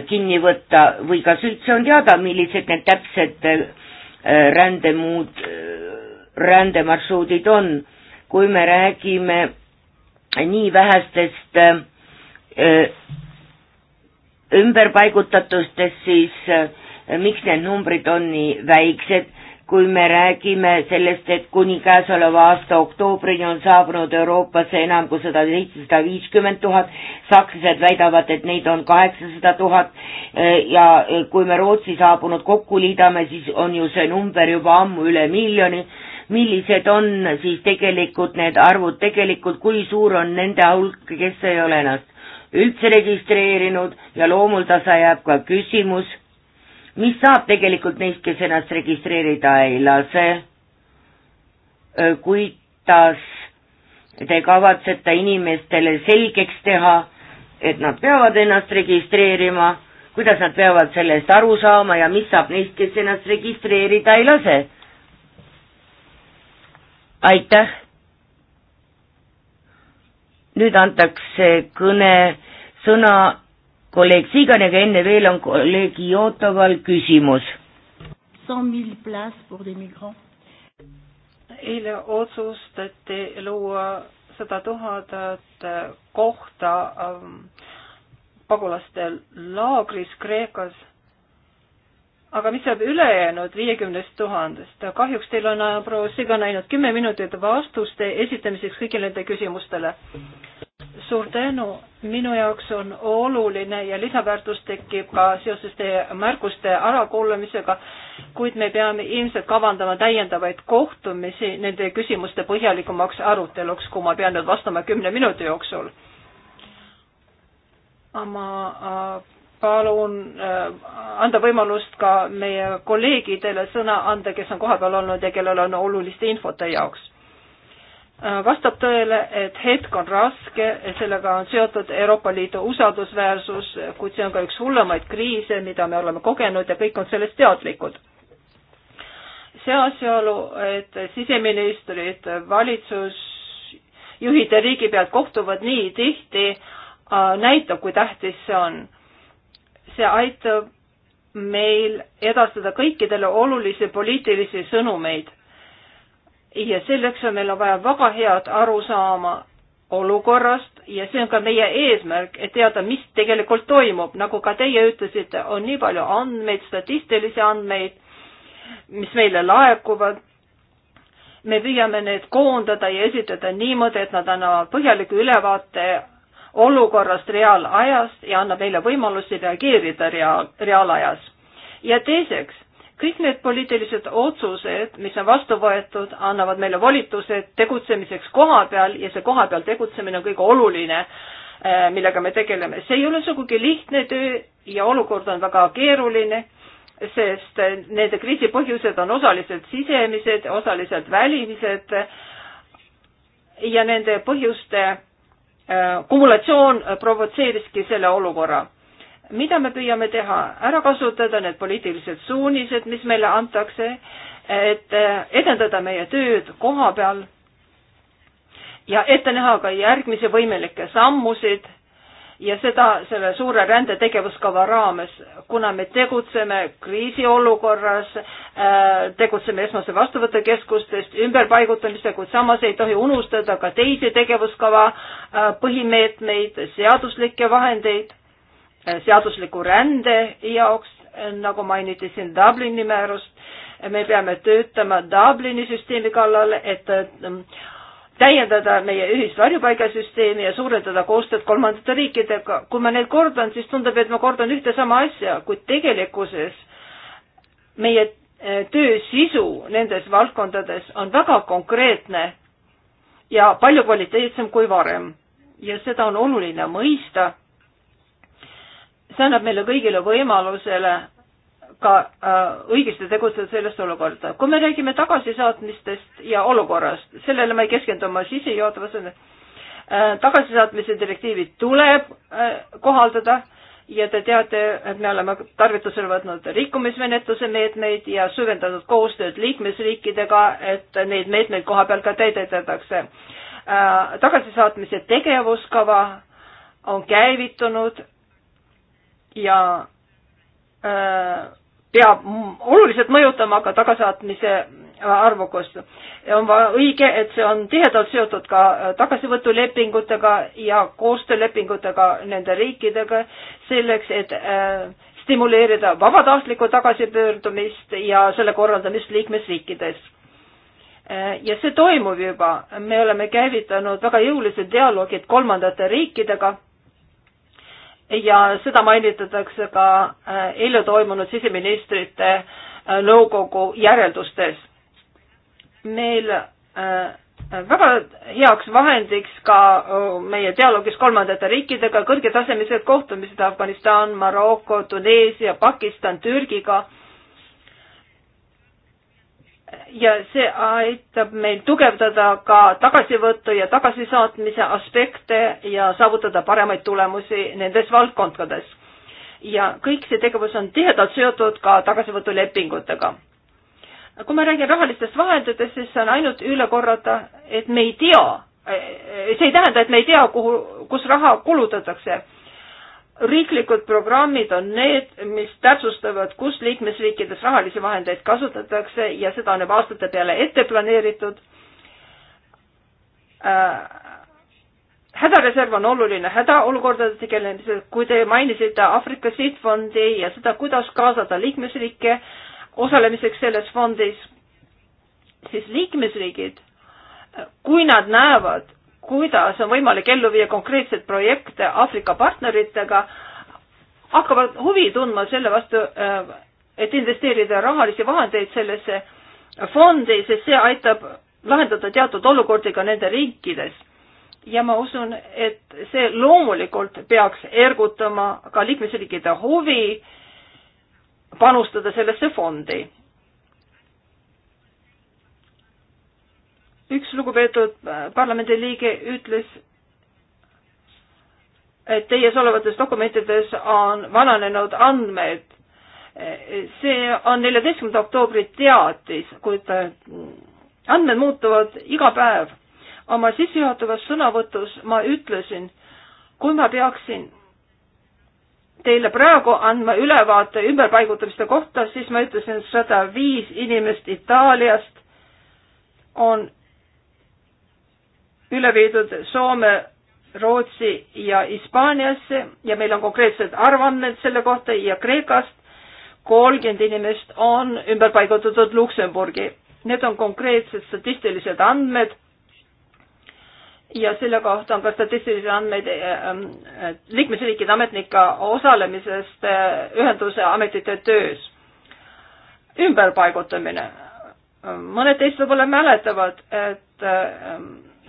kinni võtta või kas üldse on teada, millised need täpsed eh, rändemuud, rändemarsruudid on kui me räägime nii vähestest äh, äh, ümberpaigutatustest, siis äh, miks need numbrid on nii väiksed, kui me räägime sellest, et kuni käesoleva aasta oktoobrini on saabunud Euroopasse enam kui sada seitsesada viiskümmend tuhat, sakslased väidavad, et neid on kaheksasada tuhat ja kui me Rootsi saabunud kokku liidame, siis on ju see number juba ammu üle miljoni millised on siis tegelikult need arvud tegelikult, kui suur on nende hulk, kes ei ole ennast üldse registreerinud ja loomuldasa jääb ka küsimus, mis saab tegelikult neist, kes ennast registreerida ei lase, kuidas te kavatsete inimestele selgeks teha, et nad peavad ennast registreerima, kuidas nad peavad sellest aru saama ja mis saab neist, kes ennast registreerida ei lase aitäh. nüüd antakse kõne, sõna kolleeg Siganiga, enne veel on kolleeg Jotoval küsimus. eile otsustati luua sada tuhandet kohta ähm, pagulaste laagris Kreekas aga mis saab ülejäänud viiekümnest tuhandest? kahjuks teil on äh, proua Sigan ainult kümme minutit vastuste esitamiseks kõigile nende küsimustele. suur tänu, minu jaoks on oluline ja lisaväärtus tekib ka seoses teie märkuste ärakuulamisega, kuid me peame ilmselt kavandama täiendavaid kohtumisi nende küsimuste põhjalikumaks aruteluks, kui ma pean nüüd vastama kümne minuti jooksul. ma äh, palun äh, anda võimalust ka meie kolleegidele sõna anda, kes on kohapeal olnud ja kellel on olulist infot teie jaoks. Äh, vastab tõele, et hetk on raske, sellega on seotud Euroopa Liidu usaldusväärsus, kuid see on ka üks hullemaid kriise, mida me oleme kogenud ja kõik on sellest teadlikud see asjaolu, et siseministrid, valitsusjuhid ja riigipead kohtuvad nii tihti, äh, näitab, kui tähtis see on see aitab meil edastada kõikidele olulisi poliitilisi sõnumeid. ja selleks on meil on vaja väga head arusaama olukorrast ja see on ka meie eesmärk, et teada, mis tegelikult toimub, nagu ka teie ütlesite, on nii palju andmeid, statistilisi andmeid, mis meile laekuvad. me püüame need koondada ja esitada niimoodi, et nad annavad põhjaliku ülevaate olukorrast reaalajast ja annab meile võimalusi reageerida reaal, reaalajas. ja teiseks, kõik need poliitilised otsused, mis on vastu võetud, annavad meile volitused tegutsemiseks koha peal ja see koha peal tegutsemine on kõige oluline, äh, millega me tegeleme. see ei ole sugugi lihtne töö ja olukord on väga keeruline sest äh, nende kriisi põhjused on osaliselt sisemised, osaliselt välimised ja nende põhjuste kumulatsioon provotseeriski selle olukorra. mida me püüame teha? ära kasutada need poliitilised suunised, mis meile antakse, et eh, edendada meie tööd koha peal ja ette näha ka järgmisi võimalikke sammusid ja seda selle suure rändetegevuskava raames, kuna me tegutseme kriisiolukorras, äh, tegutseme esmase vastuvõtukeskustest, ümberpaigutamistega, kuid samas ei tohi unustada ka teisi tegevuskava äh, põhimeetmeid, seaduslikke vahendeid äh, seadusliku rände jaoks, nagu mainiti siin Dublini määrust, me peame töötama Dublini süsteemi kallal, et täiendada meie ühist varjupaigasüsteemi ja suurendada koostööd kolmandate riikidega. kui ma neid kordan, siis tundub, et ma kordan ühte sama asja, kuid tegelikkuses meie eh, töö sisu nendes valdkondades on väga konkreetne ja palju kvaliteetsem kui varem. ja seda on oluline mõista. see annab meile kõigile võimalusele ka äh, õigesti tegutseda selles olukorda. kui me räägime tagasisaatmistest ja olukorrast, sellele ma ei keskendu oma sissejuhatavas äh,, tagasisaatmise direktiivi tuleb äh, kohaldada ja te teate, et me oleme tarvitusele võtnud rikkumismenetluse meetmeid ja süvendatud koostööd liikmesriikidega, et neid meetmeid koha peal ka täidetatakse äh,. tagasisaatmise tegevuskava on käivitunud ja äh, peab oluliselt mõjutama ka tagasaatmise arvukust. on õige, et see on tihedalt seotud ka tagasivõtulepingutega ja koostöölepingutega nende riikidega, selleks et äh, stimuleerida vabatahtlikku tagasipöördumist ja selle korraldamist liikmesriikides äh, ja see toimub juba, me oleme käivitanud väga jõulised dialoogid kolmandate riikidega ja seda mainitakse ka äh, eile toimunud siseministrite äh, nõukogu järeldustes. meil äh, väga heaks vahendiks ka meie dialoogis kolmandate riikidega kõrgetasemelised kohtumised Afganistan, Maroko, Tuneesia, Pakistan, Türgiga ja see aitab meil tugevdada ka tagasivõttu ja tagasisaatmise aspekte ja saavutada paremaid tulemusi nendes valdkondades. ja kõik see tegevus on tihedalt seotud ka tagasivõtulepingutega. kui ma räägin rahalistest vahenditest, siis saan ainult üle korrata, et me ei tea, see ei tähenda, et me ei tea, kuhu, kus raha kulutatakse riiklikud programmid on need, mis täpsustavad, kus liikmesriikides rahalisi vahendeid kasutatakse ja seda on juba aastate peale ette planeeritud äh, hädareserv on oluline hädaolukordade tegelemisel, kui te mainisite Aafrika sihtfondi ja seda, kuidas kaasada liikmesriike osalemiseks selles fondis, siis liikmesriigid, kui nad näevad, kuidas on võimalik ellu viia konkreetseid projekte Aafrika partneritega, hakkavad huvi tundma selle vastu, äh, et investeerida rahalisi vahendeid sellesse fondi, sest see aitab lahendada teatud olukordi ka nende riikides. ja ma usun, et see loomulikult peaks ergutama ka liikmesriikide huvi panustada sellesse fondi üks lugupeetud äh, parlamendiliige ütles, et teies olevates dokumentides on vananenud andmed. see on neljateistkümnenda oktoobri teatis, kuid äh, andmed muutuvad iga päev. oma sissejuhatavas sõnavõtus ma ütlesin, kui ma peaksin teile praegu andma ülevaate ümberpaigutamiste kohta, siis ma ütlesin, sada viis inimest Itaaliast on üle viidud Soome, Rootsi ja Hispaaniasse ja meil on konkreetsed arvandmed selle kohta ja Kreekast kolmkümmend inimest on ümber paigutatud Luksemburgi. Need on konkreetsed statistilised andmed ja selle kohta on ka statistilisi andmeid äh, äh, liikmesriikide ametnike osalemisest äh, ühenduse ametite töös. ümberpaigutamine. mõned teist võib-olla mäletavad, et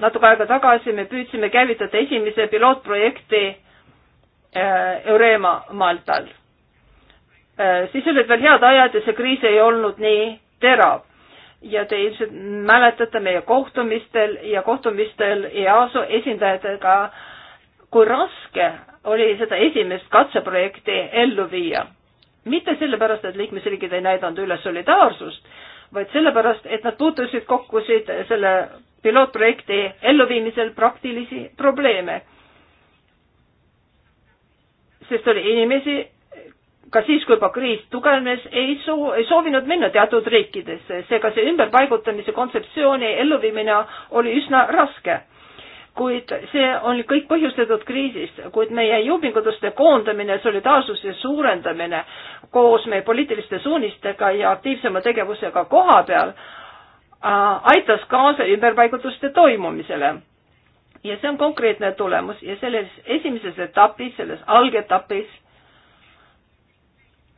natuke aega tagasi me püüdsime käivitada esimese pilootprojekti äh, Eurema Maltal. Äh, siis olid veel head ajad ja see kriis ei olnud nii terav ja te ilmselt mäletate meie kohtumistel ja kohtumistel EASO esindajatega, kui raske oli seda esimest katseprojekti ellu viia. mitte sellepärast, et liikmesriigid ei näidanud üles solidaarsust, vaid sellepärast, et nad puutusid kokku siit selle pilootprojekti elluviimisel praktilisi probleeme. sest oli inimesi, ka siis, kui juba kriis tugevnes, ei soo-, ei soovinud minna teatud riikidesse, seega see ümberpaigutamise kontseptsiooni elluviimine oli üsna raske kuid see on kõik põhjustatud kriisist, kuid meie jõupingutuste koondamine, solidaarsuse suurendamine koos meie poliitiliste suunistega ja aktiivsema tegevusega koha peal Äh, aitas kaasa ümberpaigutuste toimumisele. ja see on konkreetne tulemus ja selles esimeses etapis, selles algetapis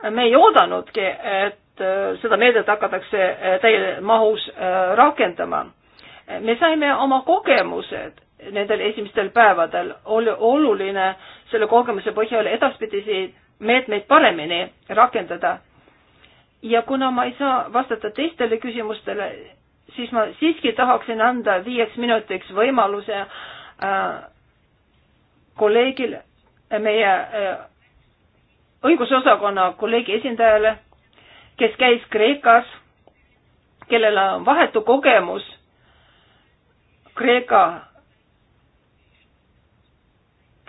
äh, me ei oodanudki, et äh, seda meedet hakatakse täie mahus rakendama. me saime oma kogemused nendel esimestel päevadel, oli oluline selle kogemuse põhjal edaspidisi meetmeid paremini rakendada. ja kuna ma ei saa vastata teistele küsimustele, siis ma siiski tahaksin anda viieks minutiks võimaluse äh, kolleegil, äh, meie äh, õigusosakonna kolleegi esindajale, kes käis Kreekas, kellel on vahetu kogemus Kreeka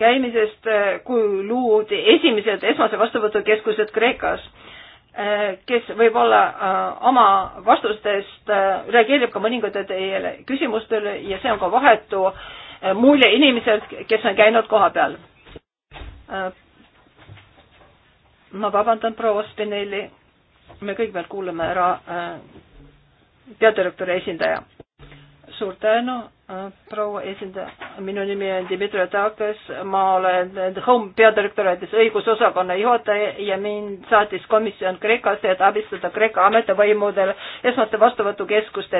käimisest, äh, kui luudi esimesed esmase vastuvõtukeskused Kreekas Eh, kes võib-olla eh, oma vastustest eh, reageerib ka mõningate teie küsimustele ja see on ka vahetu mulje inimeselt, kes on käinud kohapeal. ma vabandan, proua Spinelli, me kõigepealt kuulame ära peadirektori esindaja. suur tänu Äh, proua esindaja, minu nimi on Dmitri Takas, ma olen Home peadirektoraadis õigusosakonna juhataja ja mind saatis komisjon Kreekasse, et abistada Kreeka ametivõimudel esmate vastuvõtukeskuste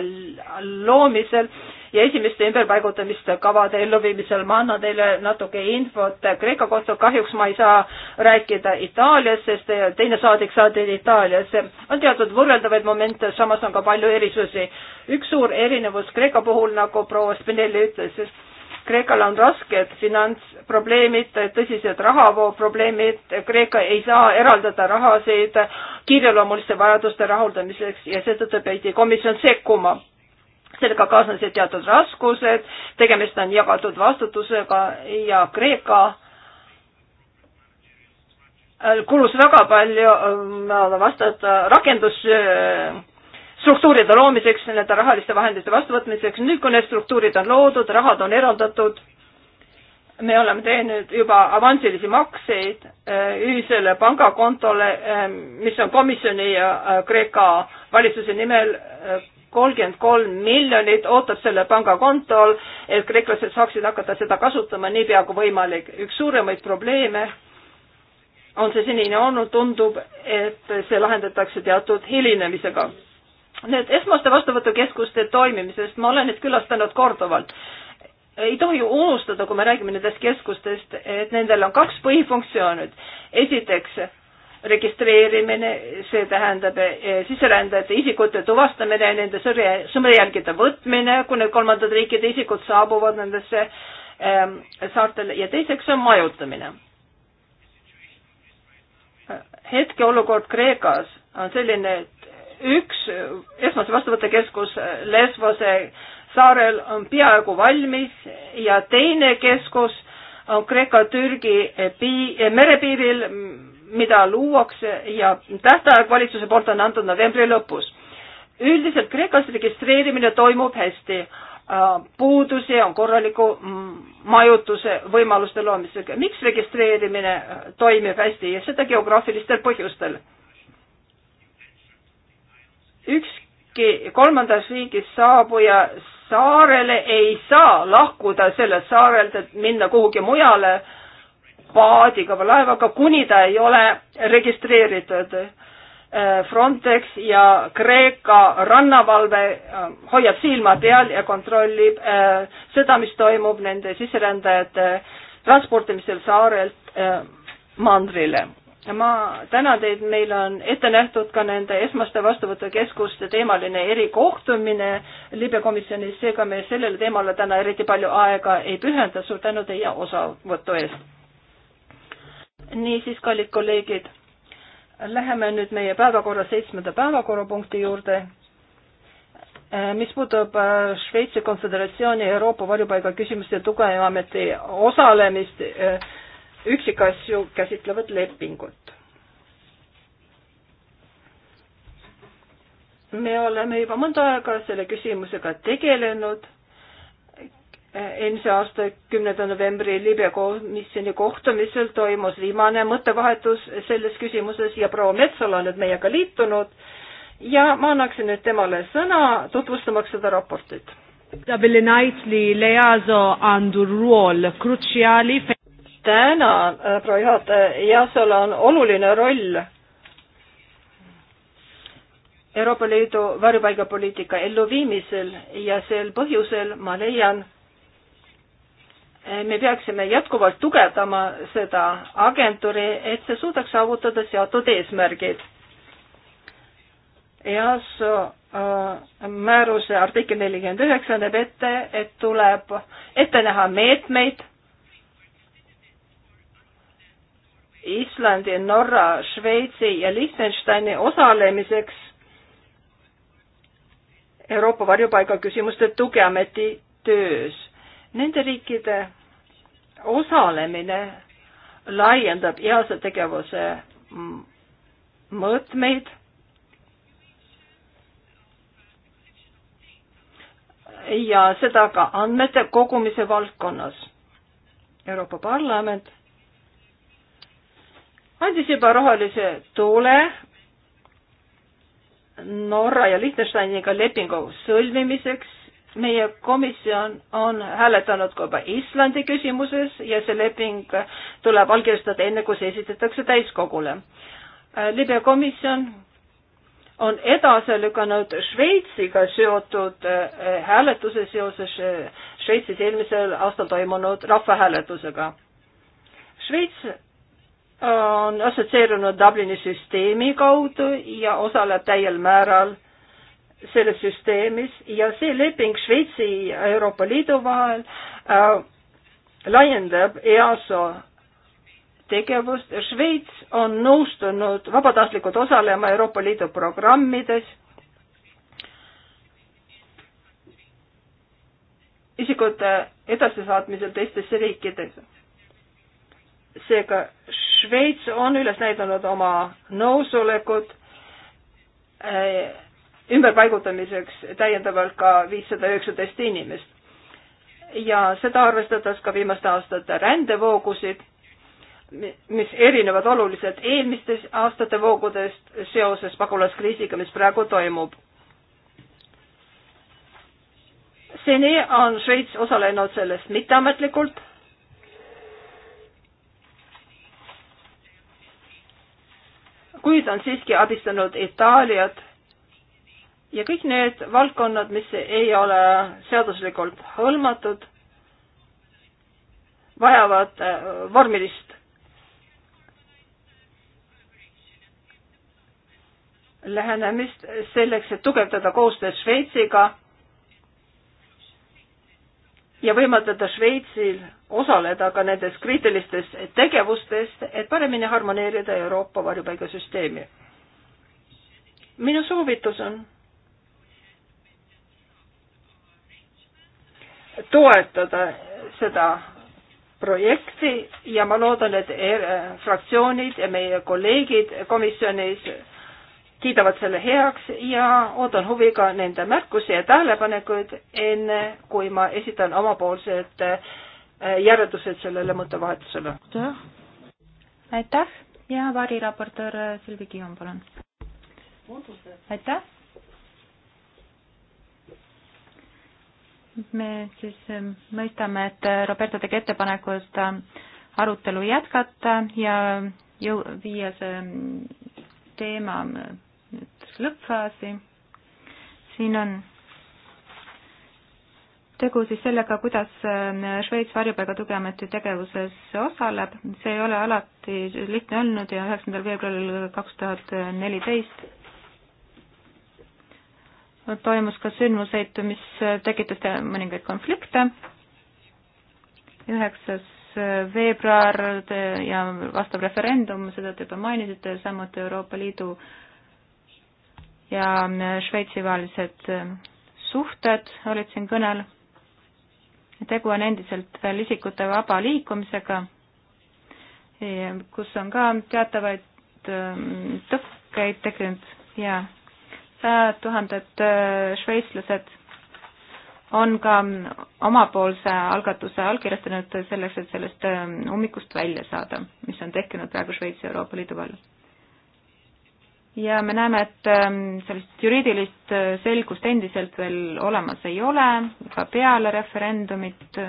loomisel ja esimeste ümberpaigutamiste kavade elluviimisel. ma annan teile natuke infot Kreeka kohta, kahjuks ma ei saa rääkida Itaalias, sest teine saadik saadi Itaaliasse. on teatud võrreldavaid momente, samas on ka palju erisusi. üks suur erinevus Kreeka puhul, nagu proua proua Spinelli ütles, sest Kreekal on rasked finantsprobleemid, tõsised rahavooprobleemid, Kreeka ei saa eraldada rahasid kiireloomuliste vajaduste rahuldamiseks ja seetõttu pidi komisjon sekkuma sellega kaasnesid teatud raskused, tegemist on jagatud vastutusega ja Kreeka äh, kulus väga palju äh, vastata rakendus äh, struktuuride loomiseks, nende rahaliste vahendite vastuvõtmiseks, nüüd kui need struktuurid on loodud, rahad on eraldatud, me oleme teinud juba avansilisi makseid äh, ühisele pangakontole, äh, mis on komisjoni ja äh, Kreeka valitsuse nimel kolmkümmend kolm miljonit ootab selle pangakontol, et kreeklased saaksid hakata seda kasutama niipea kui võimalik. üks suuremaid probleeme on see senini olnud, tundub, et see lahendatakse teatud hilinemisega nüüd esmaste vastuvõtukeskuste toimimisest ma olen neid külastanud korduvalt. ei tohi unustada, kui me räägime nendest keskustest, et nendel on kaks põhifunktsiooni. esiteks registreerimine, see tähendab eh, sisserändajate isikute tuvastamine, nende sõrje, sõrmejälgede võtmine, kui need kolmandad riikide isikud saabuvad nendesse ähm, saartele ja teiseks on majutamine. hetkeolukord Kreekas on selline, et üks esmase vastuvõttekeskus Lesbose saarel on peaaegu valmis ja teine keskus on Kreeka-Türgi pii-, eh, merepiiril, mida luuakse ja tähtaeg valitsuse poolt on antud novembri lõpus. üldiselt Kreekas registreerimine toimub hästi äh, puudusi on korraliku majutuse võimaluste loomisega. miks registreerimine äh, toimib hästi ja seda geograafilistel põhjustel? ükski kolmandas riigis saabuja saarele ei saa lahkuda sellelt saarelt, et minna kuhugi mujale paadiga või laevaga, kuni ta ei ole registreeritud. Frontex ja Kreeka rannavalve äh, hoiab silma peal ja kontrollib äh, seda, mis toimub nende sisserändajate transportimisel saarelt äh, mandrile ma tänan teid, meil on ette nähtud ka nende esmaste vastuvõtukeskuste teemaline erikohtumine libekomisjonis, seega me sellele teemale täna eriti palju aega ei pühenda. suur tänu teie osavõtu eest. niisiis, kallid kolleegid, läheme nüüd meie päevakorra seitsmenda päevakorrapunkti juurde, mis puudutab äh, Šveitsi Konföderatsiooni Euroopa varjupaiga küsimuste tugevameti osalemist äh, üksikasju käsitlevat lepingut. me oleme juba mõnda aega selle küsimusega tegelenud eelmise aasta kümnenda novembri libe komisjoni kohtumisel toimus viimane mõttevahetus selles küsimuses ja proua Metsal on nüüd meiega liitunud ja ma annaksin nüüd temale sõna tutvustamaks seda raportit tänan, äh, proua juhataja, jah, seal on oluline roll Euroopa Liidu varjupaigapoliitika elluviimisel ja sel põhjusel ma leian, me peaksime jätkuvalt tugevdama seda agentuuri, et see suudaks saavutada seatud eesmärgid. EAS äh, määruse artikkel nelikümmend üheksa näeb ette, et tuleb ette näha meetmeid Islandi, Norra, Šveitsi ja Liechtensteini osalemiseks Euroopa varjupaigaküsimuste tugiameti töös. Nende riikide osalemine laiendab EASA tegevuse mõõtmeid ja seda ka andmete kogumise valdkonnas. Euroopa Parlament andis juba rohelise tuule Norra ja Liechtensteiniga lepingu sõlmimiseks. meie komisjon on hääletanud ka juba Islandi küsimuses ja see leping tuleb allkirjastada enne, kui see esitatakse täiskogule. Äh, libe komisjon on edasi lükanud Šveitsiga seotud äh, hääletuse seoses äh, Šveitsis eelmisel aastal toimunud rahvahääletusega. Šveits on assotsieerunud Dublini süsteemi kaudu ja osaleb täiel määral selles süsteemis ja see leping Šveitsi ja Euroopa Liidu vahel äh, laiendab EASO tegevust. Šveits on nõustunud vabatahtlikult osalema Euroopa Liidu programmides. isikute edasisaatmisel teistesse riikidesse. seega Šveits on üles näidanud oma nõusolekut eh, ümberpaigutamiseks täiendavalt ka viissada üheksateist inimest. ja seda arvestades ka viimaste aastate rändevoogusid, mis erinevad oluliselt eelmistes aastate voogudest seoses pagulaskriisiga, mis praegu toimub. seni on Šveits osalenud selles mitteametlikult kuid on siiski abistanud Itaaliat ja kõik need valdkonnad, mis ei ole seaduslikult hõlmatud, vajavad äh, vormilist lähenemist selleks, et tugevdada koostööd Šveitsiga ja võimaldada Šveitsil osaleda ka nendes kriitilistes tegevustes, et paremini harmoneerida Euroopa varjupaigasüsteemi. minu soovitus on toetada seda projekti ja ma loodan, et er-, fraktsioonid ja meie kolleegid komisjonis kiidavad selle heaks ja ootan huviga nende märkusi ja tähelepanekuid, enne kui ma esitan omapoolsed äh, järeldused sellele mõttevahetusele. aitäh ja variraportöör äh, Silvi Kion, palun. aitäh. me siis ähm, mõistame, et äh, Roberto tegi ettepaneku, et arutelu jätkata ja jõu-, viia see mm, teema nüüd lõppfaasi. siin on tegu siis sellega, kuidas ähm, Šveits varjupaiga tugiameti tegevuses osaleb, see ei ole alati lihtne olnud ja üheksandal veebruaril kaks tuhat neliteist toimus ka sündmuseid, mis tekitas mõningaid konflikte. üheksas äh, veebruar ja vastav referendum, seda te juba mainisite, samuti Euroopa Liidu äh, ja äh, Šveitsi vahelised äh, suhted olid siin kõnel. tegu on endiselt veel isikute vaba liikumisega, kus on ka teatavaid ähm, tõkkeid tekkinud ja sajad tuhanded äh, šveitslased on ka ähm, omapoolse algatuse allkirjastanud selleks, et sellest ähm, ummikust välja saada, mis on tekkinud praegu Šveitsi ja Euroopa Liidu vahel ja me näeme, et ähm, sellist juriidilist äh, selgust endiselt veel olemas ei ole, ka peale referendumit.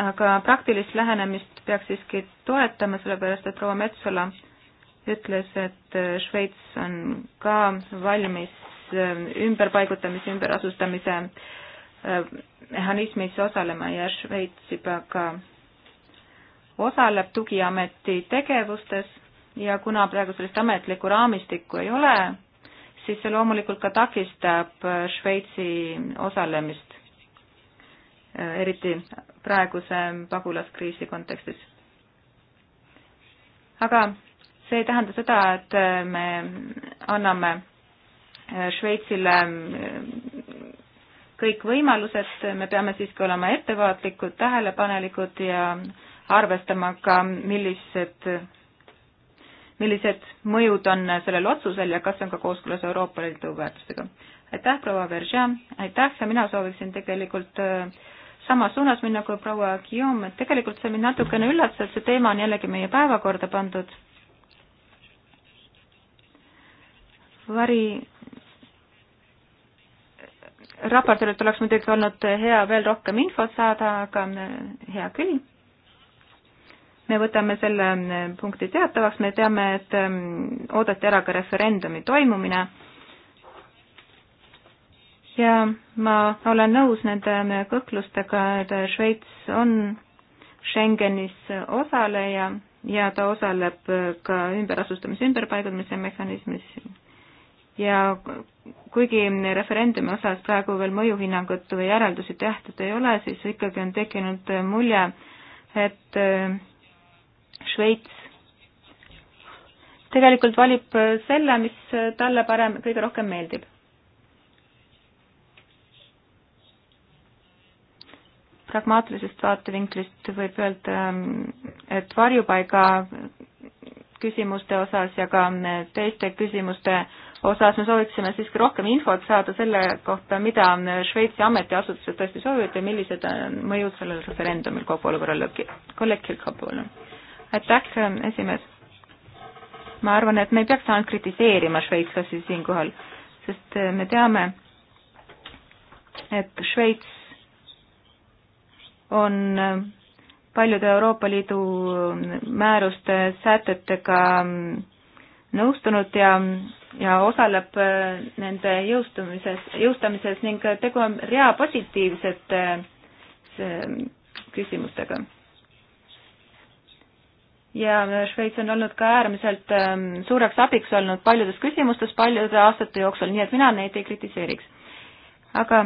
aga praktilist lähenemist peaks siiski toetama, sellepärast et proua Metsola ütles, et äh, Šveits on ka valmis ähm, ümberpaigutamise, ümberasustamise äh, mehhanismis osalema ja Šveits juba ka osaleb tugiameti tegevustes ja kuna praegu sellist ametlikku raamistikku ei ole, siis see loomulikult ka takistab äh, Šveitsi osalemist, äh, eriti praeguse pagulaskriisi kontekstis. aga see ei tähenda seda, et äh, me anname Šveitsile kõik võimalused, me peame siiski olema ettevaatlikud, tähelepanelikud ja arvestama ka, millised, millised mõjud on sellel otsusel ja kas see on ka kooskõlas Euroopa Liidu väärtustega. aitäh, proua Veržea, aitäh ja mina sooviksin tegelikult äh, samas suunas minna kui proua Guillaume, et tegelikult see mind natukene üllatas, et see teema on jällegi meie päevakorda pandud. vari äh, raportöörilt oleks muidugi olnud hea veel rohkem infot saada, aga äh, hea küll me võtame selle mm, punkti teatavaks, me teame, et mm, oodati ära ka referendumi toimumine ja ma olen nõus nende mm, kõhklustega, et Šveits on Schengenis osaleja ja ta osaleb ka ümberasustamise ümberpaigutamise mehhanismis ja kuigi referendumi osas praegu veel mõjuhinnangut või järeldusi tehtud ei ole, siis ikkagi on tekkinud mulje, et Šveits tegelikult valib selle, mis talle parem, kõige rohkem meeldib. pragmaatilisest vaatevinklist võib öelda, et varjupaiga küsimuste osas ja ka teiste küsimuste osas me sooviksime siiski rohkem infot saada selle kohta, mida Šveitsi ametiasutused tõesti soovivad ja millised on mõjud sellel referendumil kogu olukorrale. kolleeg Kirkhoop, palun aitäh, ähm, esimees. ma arvan, et me ei peaks ainult kritiseerima šveitslasi siinkohal, sest äh, me teame, et Šveits on ähm, paljude Euroopa Liidu ähm, määruste sätetega nõustunud ja, ja osaleb äh, nende jõustumises, jõustamises ning tegu on rea positiivsete äh, küsimustega ja Šveits on olnud ka äärmiselt ähm, suureks abiks olnud paljudes küsimustes paljude aastate jooksul, nii et mina neid ei kritiseeriks. aga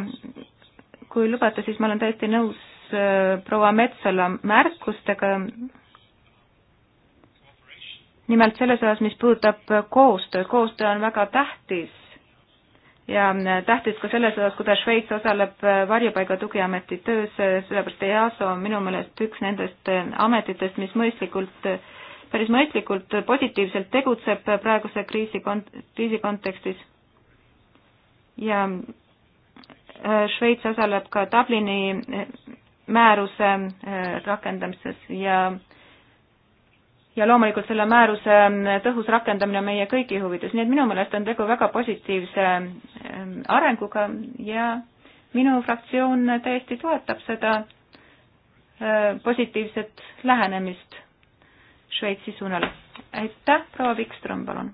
kui lubate, siis ma olen täiesti nõus äh, proua Metsala märkustega, nimelt selles osas, mis puudutab koostöö, koostöö on väga tähtis ja mm, tähtis ka selles osas, kuidas Šveits osaleb äh, varjupaiga tugiameti töös, äh, sellepärast EASO on minu meelest üks nendest äh, ametitest, mis mõistlikult, päris mõistlikult positiivselt tegutseb praeguse kriisi kont-, kriisi kontekstis. ja Šveits osaleb ka Dublini määruse rakendamises ja äh, ja loomulikult selle määruse mm, tõhus rakendamine on meie kõigi huvides, nii et minu meelest on tegu väga positiivse mm, arenguga ja minu fraktsioon täiesti toetab seda mm, positiivset lähenemist Šveitsi suunal. aitäh, proua Vikström, palun.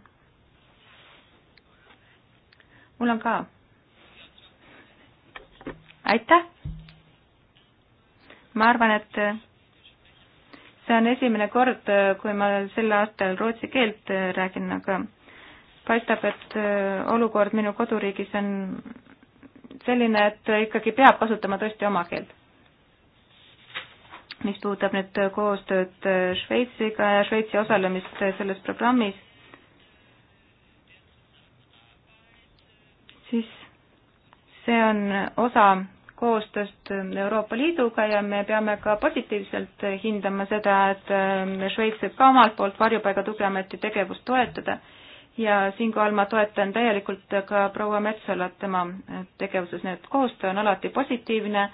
mul on ka. aitäh. ma arvan, et see on esimene kord, kui ma sel aastal rootsi keelt räägin, aga paistab, et äh, olukord minu koduriigis on selline, et ikkagi peab kasutama tõesti oma keelt. mis puudutab nüüd koostööd äh, Šveitsiga ja Šveitsi osalemist äh, selles programmis, siis see on osa koostööst Euroopa Liiduga ja me peame ka positiivselt hindama seda, et äh, Šveits võib ka omalt poolt varjupaiga tugiameti tegevust toetada ja siinkohal ma toetan täielikult ka proua Metsalat tema äh, tegevuses, nii et koostöö on alati positiivne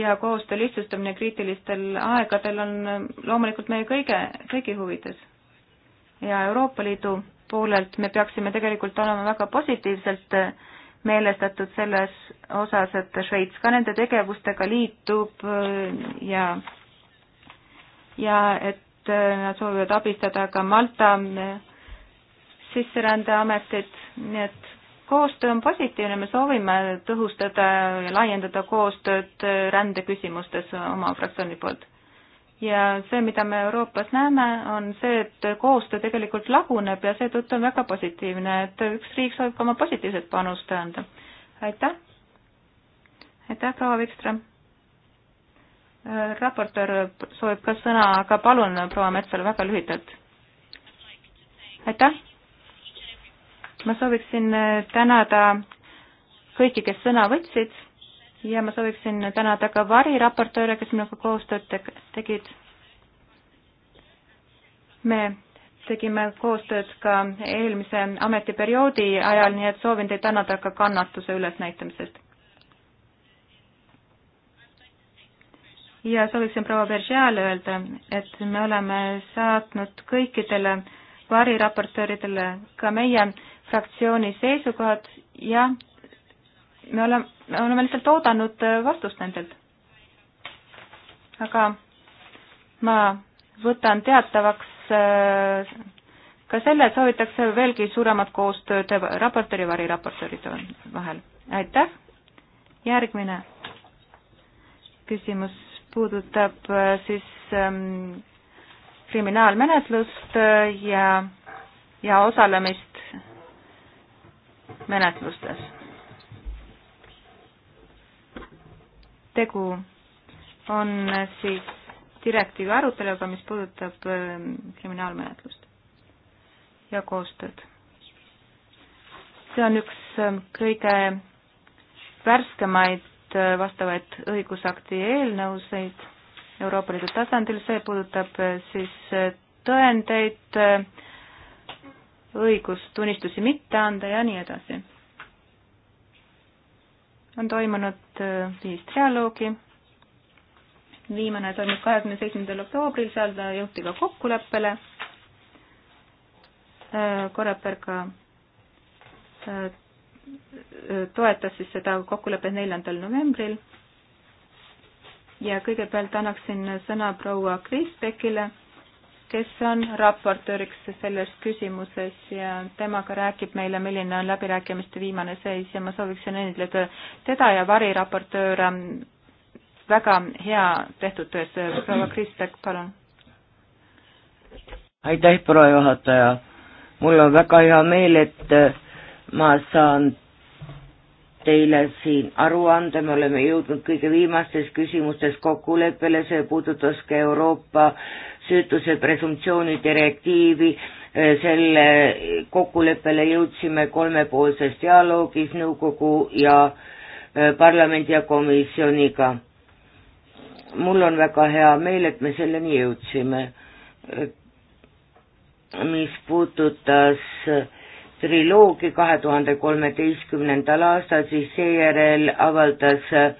ja koostöö lihtsustamine kriitilistel aegadel on äh, loomulikult meie kõige, kõigi huvides. ja Euroopa Liidu poolelt me peaksime tegelikult olema väga positiivselt äh, meelestatud selles osas, et Šveits ka nende tegevustega liitub äh, ja, ja et äh, nad soovivad abistada ka Malta äh, sisserändeametit, nii et koostöö on positiivne, me soovime tõhustada ja laiendada koostööd rändeküsimustes oma fraktsiooni poolt ja see, mida me Euroopas näeme, on see, et koostöö tegelikult laguneb ja seetõttu on väga positiivne, et üks riik soovib ka oma positiivset panust anda. aitäh! aitäh, proua Vikström! Äh, raportöör soovib ka sõna, aga palun, proua Metsal, väga lühidalt. aitäh! ma sooviksin äh, tänada kõiki, kes sõna võtsid ja ma sooviksin tänada ka variraportööre, kes minuga koostööd tegid. me tegime koostööd ka eelmise ametiperioodi ajal, nii et soovin teid tänada ka kannatuse ülesnäitamisest. ja sooviksin proua Bergeale öelda, et me oleme saatnud kõikidele variraportööridele ka meie fraktsiooni seisukohad ja me oleme, me oleme lihtsalt oodanud äh, vastust nendelt. aga ma võtan teatavaks äh, ka selle, et soovitakse veelgi suuremat koostööd raportööri, variraportööride vahel. aitäh, järgmine küsimus puudutab äh, siis ähm, kriminaalmenetlust ja, ja osalemist menetlustes tegu on siis direktiivi aruteluga, mis puudutab ähm, kriminaalmenetlust ja koostööd. see on üks ähm, kõige värskemaid äh, vastavaid õigusakti eelnõuseid Euroopa Liidu tasandil, see puudutab äh, siis äh, tõendeid, õigust tunnistusi mitte anda ja nii edasi on toimunud viis äh, trialoogi. viimane toimus kahekümne seitsmendal oktoobril, seal jõuti ka kokkuleppele äh, Koreperga äh, toetas siis seda kokkulepet neljandal novembril ja kõigepealt annaksin sõna proua Kriisbekile kes on raportööriks selles küsimuses ja temaga räägib meile, milline on läbirääkimiste viimane seis ja ma sooviksin õnnitleda teda ja variraportööre väga hea tehtud töös. proua Kristek, palun. aitäh, proua juhataja. mul on väga hea meel, et ma saan teile siin aru anda, me oleme jõudnud kõige viimastes küsimustes kokkuleppele, see puudutas ka Euroopa süütuse presumptsiooni direktiivi, selle kokkuleppele jõudsime kolmepoolses dialoogis nõukogu ja eh, parlamendi ja komisjoniga. mul on väga hea meel, et me selleni jõudsime. Eh, mis puudutas äh, triloogi kahe tuhande kolmeteistkümnendal aastal, siis seejärel avaldas äh,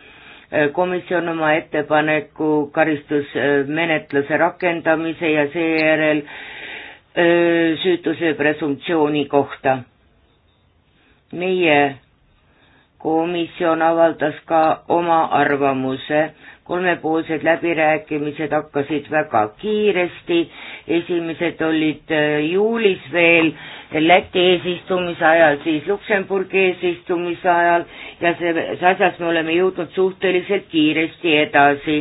komisjon oma ettepaneku karistusmenetluse rakendamise ja seejärel äh, süütuse presumptsiooni kohta. meie komisjon avaldas ka oma arvamuse kolmepoolsed läbirääkimised hakkasid väga kiiresti, esimesed olid äh, juulis veel Läti eesistumise ajal, siis Luksemburgi eesistumise ajal ja selles asjas me oleme jõudnud suhteliselt kiiresti edasi.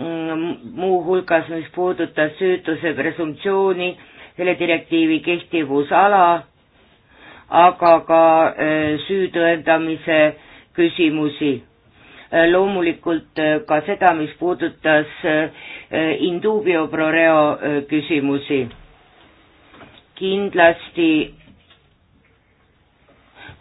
Mm, muuhulgas, mis puudutas süütuse presumptsiooni, selle direktiivi kehtivusala, aga ka äh, süü tõendamise küsimusi Äh, loomulikult äh, ka seda, mis puudutas äh, Indubio Proreo küsimusi. kindlasti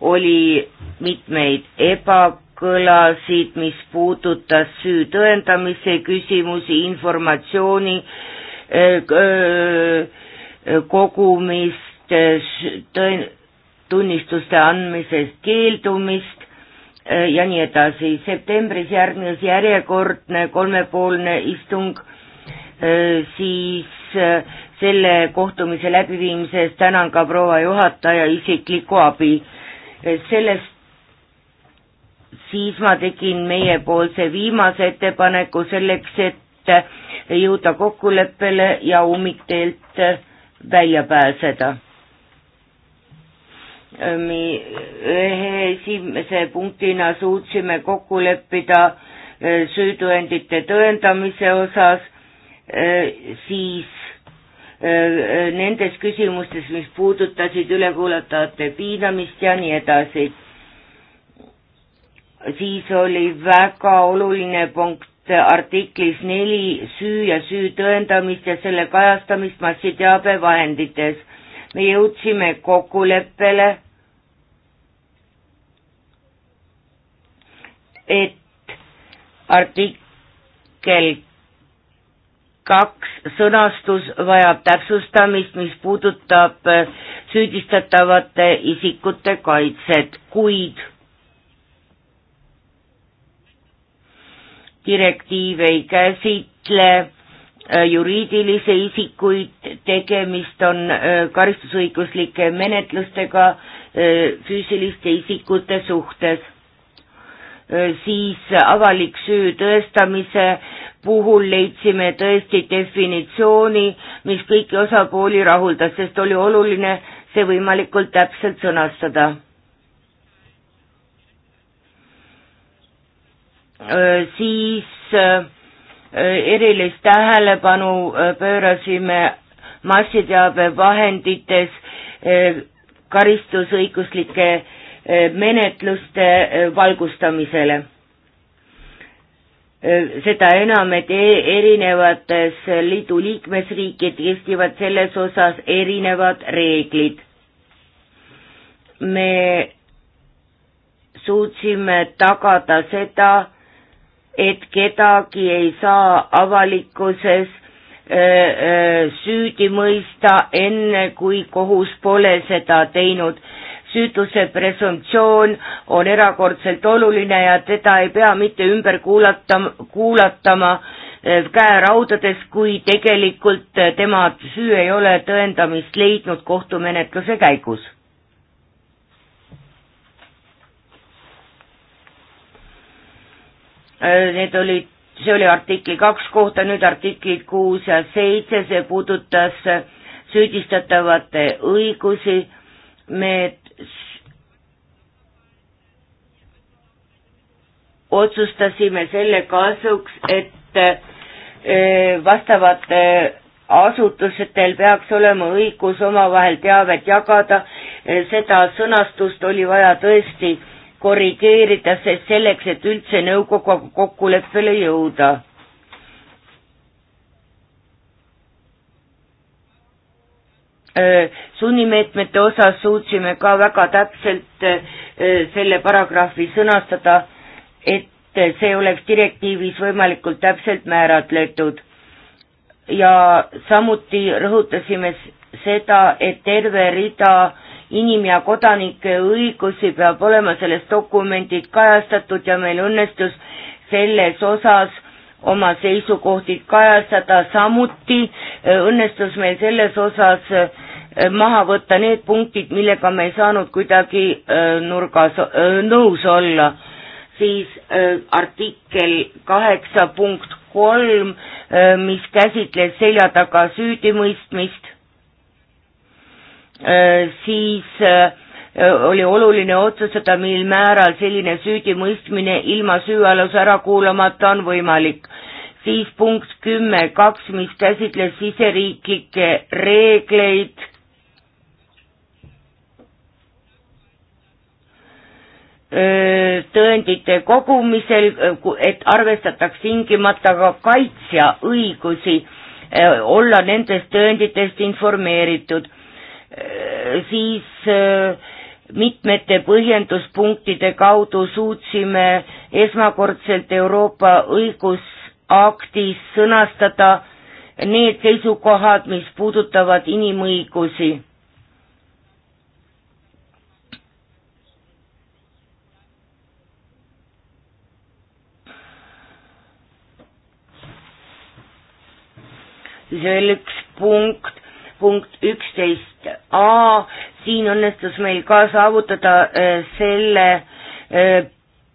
oli mitmeid ebakõlasid, mis puudutas süü tõendamise küsimusi, informatsiooni kogumist, tõen-, tunnistuste andmisest keeldumist, Äh, ja nii edasi. septembris järgnes järjekordne kolmepoolne istung, äh, siis äh, selle kohtumise läbiviimise eest tänan ka proua juhataja isiklikku abi. sellest siis ma tegin meiepoolse viimase ettepaneku selleks, et jõuda kokkuleppele ja ummikteelt välja pääseda me eh, ühe esimese punktina suutsime kokku leppida eh, süütõendite tõendamise osas, eh, siis nendes küsimustes, mis puudutasid ülekuulatajate piinamist ja nii edasi. siis oli väga oluline punkt artiklis neli süü ja süü tõendamist ja selle kajastamist massiteabevahendites. me jõudsime kokkuleppele et artikkel kaks sõnastus vajab täpsustamist, mis puudutab süüdistatavate isikute kaitset, kuid direktiiv ei käsitle äh, juriidilisi isikuid, tegemist on äh, karistusõiguslike menetlustega äh, füüsiliste isikute suhtes siis avalik süü tõestamise puhul leidsime tõesti definitsiooni, mis kõiki osapooli rahuldas, sest oli oluline see võimalikult täpselt sõnastada. siis erilist tähelepanu pöörasime massiteabevahendites karistusõiguslike Eh, menetluste eh, valgustamisele. Eh, seda enam, et e-, erinevates liidu liikmesriikid kehtivad selles osas erinevad reeglid. me suutsime tagada seda, et kedagi ei saa avalikkuses süüdi mõista, enne kui kohus pole seda teinud süütuse presumptsioon on erakordselt oluline ja teda ei pea mitte ümber kuulata, kuulatama eh, käeraudades, kui tegelikult eh, tema süü ei ole tõendamist leidnud kohtumenetluse käigus. Eh, need olid, see oli artikli kaks kohta, nüüd artiklid kuus ja seitse, see puudutas süüdistatavate õigusi, me otsustasime selle kasuks, et e, vastavad asutustel peaks olema õigus omavahel teavet jagada, e, seda sõnastust oli vaja tõesti korrigeerida, sest selleks, et üldse nõukogu kokkuleppele jõuda Äh, sunnimeetmete osas suutsime ka väga täpselt äh, äh, selle paragrahvi sõnastada, et see oleks direktiivis võimalikult täpselt määratletud. ja samuti rõhutasime seda, et terve rida inim- ja kodanike õigusi peab olema selles dokumendid kajastatud ja meil õnnestus selles osas oma seisukohtid kajastada, samuti õnnestus meil selles osas Äh, maha võtta need punktid, millega me ei saanud kuidagi äh, nurgas äh, nõus olla, siis artikkel kaheksa punkt kolm, mis käsitles selja taga süüdimõistmist, siis oli oluline otsustada, mil määral selline süüdimõistmine ilma süüaluse ära kuulamata on võimalik siis punkt kümme kaks, mis käsitles siseriiklikke reegleid tõendite kogumisel, et arvestataks tingimata ka kaitsja õigusi olla nendest tõenditest informeeritud, siis mitmete põhjenduspunktide kaudu suutsime esmakordselt Euroopa õigusaktis sõnastada need seisukohad, mis puudutavad inimõigusi see oli üks punkt, punkt üksteist A, siin õnnestus meil ka saavutada äh, selle äh,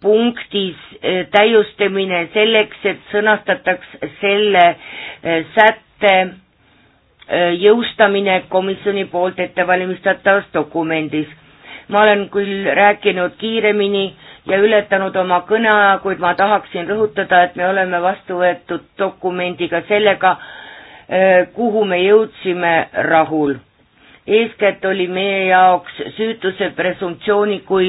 punktis äh, täiustamine selleks, et sõnastataks selle sätte jõustamine komisjoni poolt ettevalmistatavas dokumendis. ma olen küll rääkinud kiiremini ja ületanud oma kõneaja, kuid ma tahaksin rõhutada, et me oleme vastu võetud dokumendiga sellega, Äh, kuhu me jõudsime rahul. eeskätt oli meie jaoks süütuse presumptsiooni kui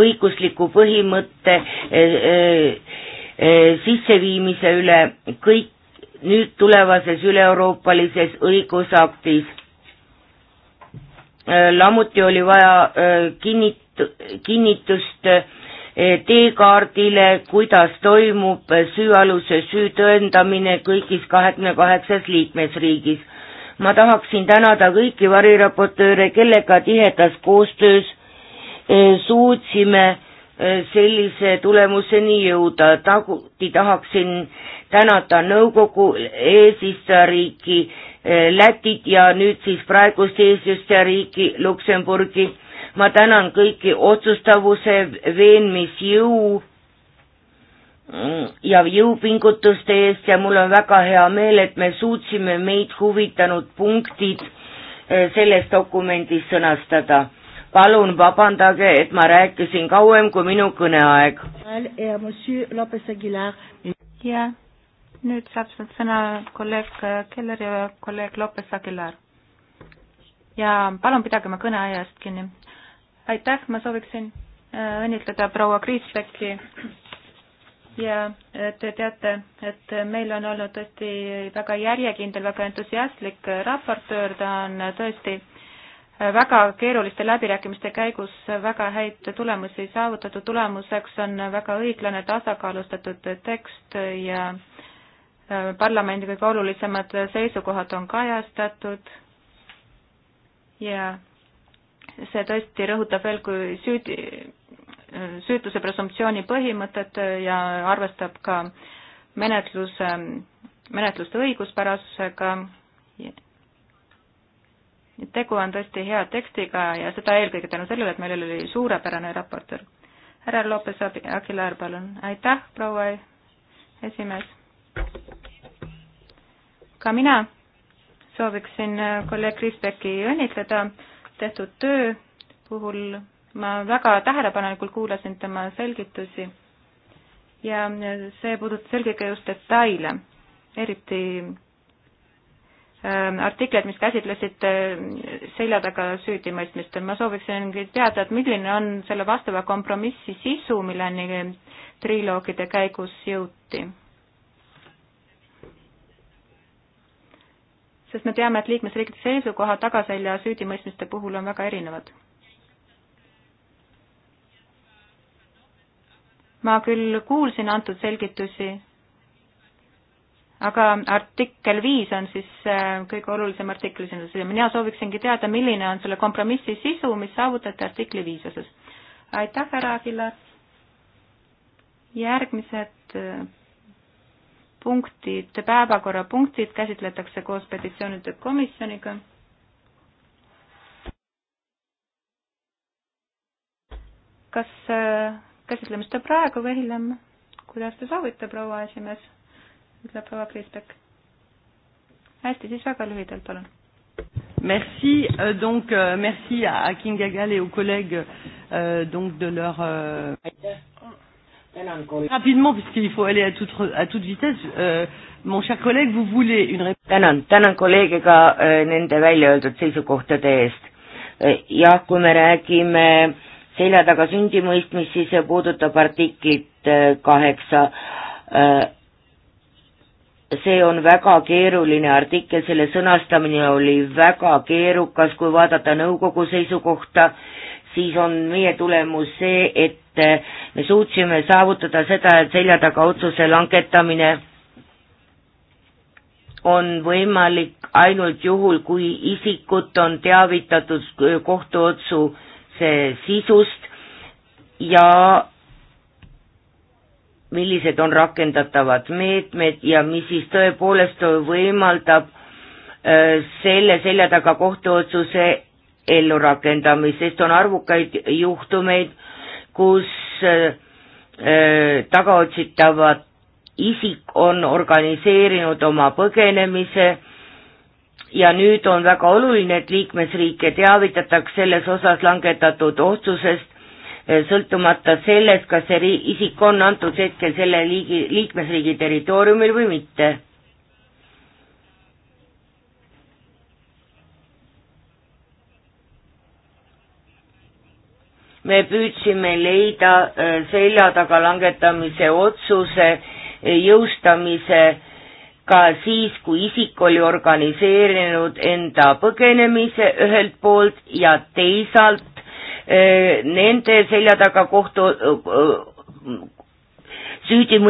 õigusliku põhimõtte äh, äh, sisseviimise üle kõik nüüd tulevases üleeuroopalises õigusaktis. lammuti oli vaja kinnit-, kinnitust Eh, teekaardile, kuidas toimub süüaluse süü tõendamine kõigis kahekümne kaheksas liikmesriigis. ma tahaksin tänada kõiki variraportööre, kellega tihedas koostöös eh, suutsime eh, sellise tulemuseni jõuda, taguti tahaksin tänada nõukogu eesistujariiki Lätit ja nüüd siis praegust eesistujariiki Luksemburgi ma tänan kõiki otsustavuse, veenmisjõu ja jõupingutuste eest ja mul on väga hea meel, et me suutsime meid huvitanud punktid eh, selles dokumendis sõnastada. palun vabandage, et ma rääkisin kauem kui minu kõneaeg. ja nüüd saab sõna kolleeg Keller ja kolleeg Lopez Aguilar. ja palun pidage oma kõneajast kinni aitäh, ma sooviksin äh, õnnitleda proua Kriisbecki ja äh, te teate, et meil on olnud tõesti väga järjekindel, väga entusiastlik äh, raportöör, ta on tõesti väga keeruliste läbirääkimiste käigus väga häid tulemusi saavutatud, tulemuseks on väga õiglane tasakaalustatud tekst ja parlamendi kõige olulisemad seisukohad on kajastatud ja see tõesti rõhutab veel kui süüdi, süütuse presumptsiooni põhimõtet ja arvestab ka menetluse, menetluste õiguspärasusega. tegu on tõesti hea tekstiga ja seda eelkõige tänu sellele, et meil oli suurepärane raportöör. härra Lopes Aguilar, palun. aitäh, proua esimees. ka mina sooviksin kolleeg Kriisbecki õnnitleda tehtud töö puhul ma väga tähelepanelikult kuulasin tema selgitusi ja see puudutas eelkõige just detaile, eriti ähm, artikleid, mis käsitlesid äh, selja taga süüdimõistmist. ma sooviksingi teada, et milline on selle vastava kompromissi sisu, milleni triloogide käigus jõuti sest me teame, et liikmesriikide seisukohad tagaselja süüdimõistmiste puhul on väga erinevad. ma küll kuulsin antud selgitusi, aga artikkel viis on siis äh, kõige olulisem artikkel sinu siia. mina sooviksingi teada, milline on selle kompromissi sisu, mis saavutati artikli viis osas. aitäh, härra Aguilar. järgmised äh, punktid, päevakorrapunktid käsitletakse koos petitsioonide komisjoniga. kas äh, käsitleme seda praegu või hiljem, kuidas te soovite, proua esimees, ütleb proua Kriisbek. hästi, siis väga lühidalt, palun. Merci euh, donc euh, merci à, à King Agal et aux collègues euh, donc de leur euh... Rapidement, puisqu'il faut aller à toute, à toute vitesse, euh, mon cher collègue, vous voulez une réponse tänan, tänan kolleege ka äh, nende välja öeldud seisukohtade eest äh,. jah, kui me räägime selja taga sündimõistmist, siis see puudutab artiklit äh, kaheksa äh, see on väga keeruline artikkel, selle sõnastamine oli väga keerukas, kui vaadata nõukogu seisukohta, siis on meie tulemus see, et et eh, me suutsime saavutada seda, et selja taga otsuse langetamine on võimalik ainult juhul, kui isikut on teavitatud eh, kohtuotsuse eh, sisust ja millised on rakendatavad meetmed ja mis siis tõepoolest võimaldab selle selja taga kohtuotsuse ellurakendamist, sest on arvukaid juhtumeid, kus äh, äh, tagaotsitavad isik on organiseerinud oma põgenemise ja nüüd on väga oluline, et liikmesriike teavitatakse selles osas langetatud otsusest, äh, sõltumata sellest, kas see isik on antud hetkel selle liigi, liikmesriigi territooriumil või mitte me püüdsime leida äh, selja taga langetamise otsuse äh, jõustamise ka siis, kui isik oli organiseerinud enda põgenemise ühelt poolt ja teisalt äh, nende selja taga kohtu süüdi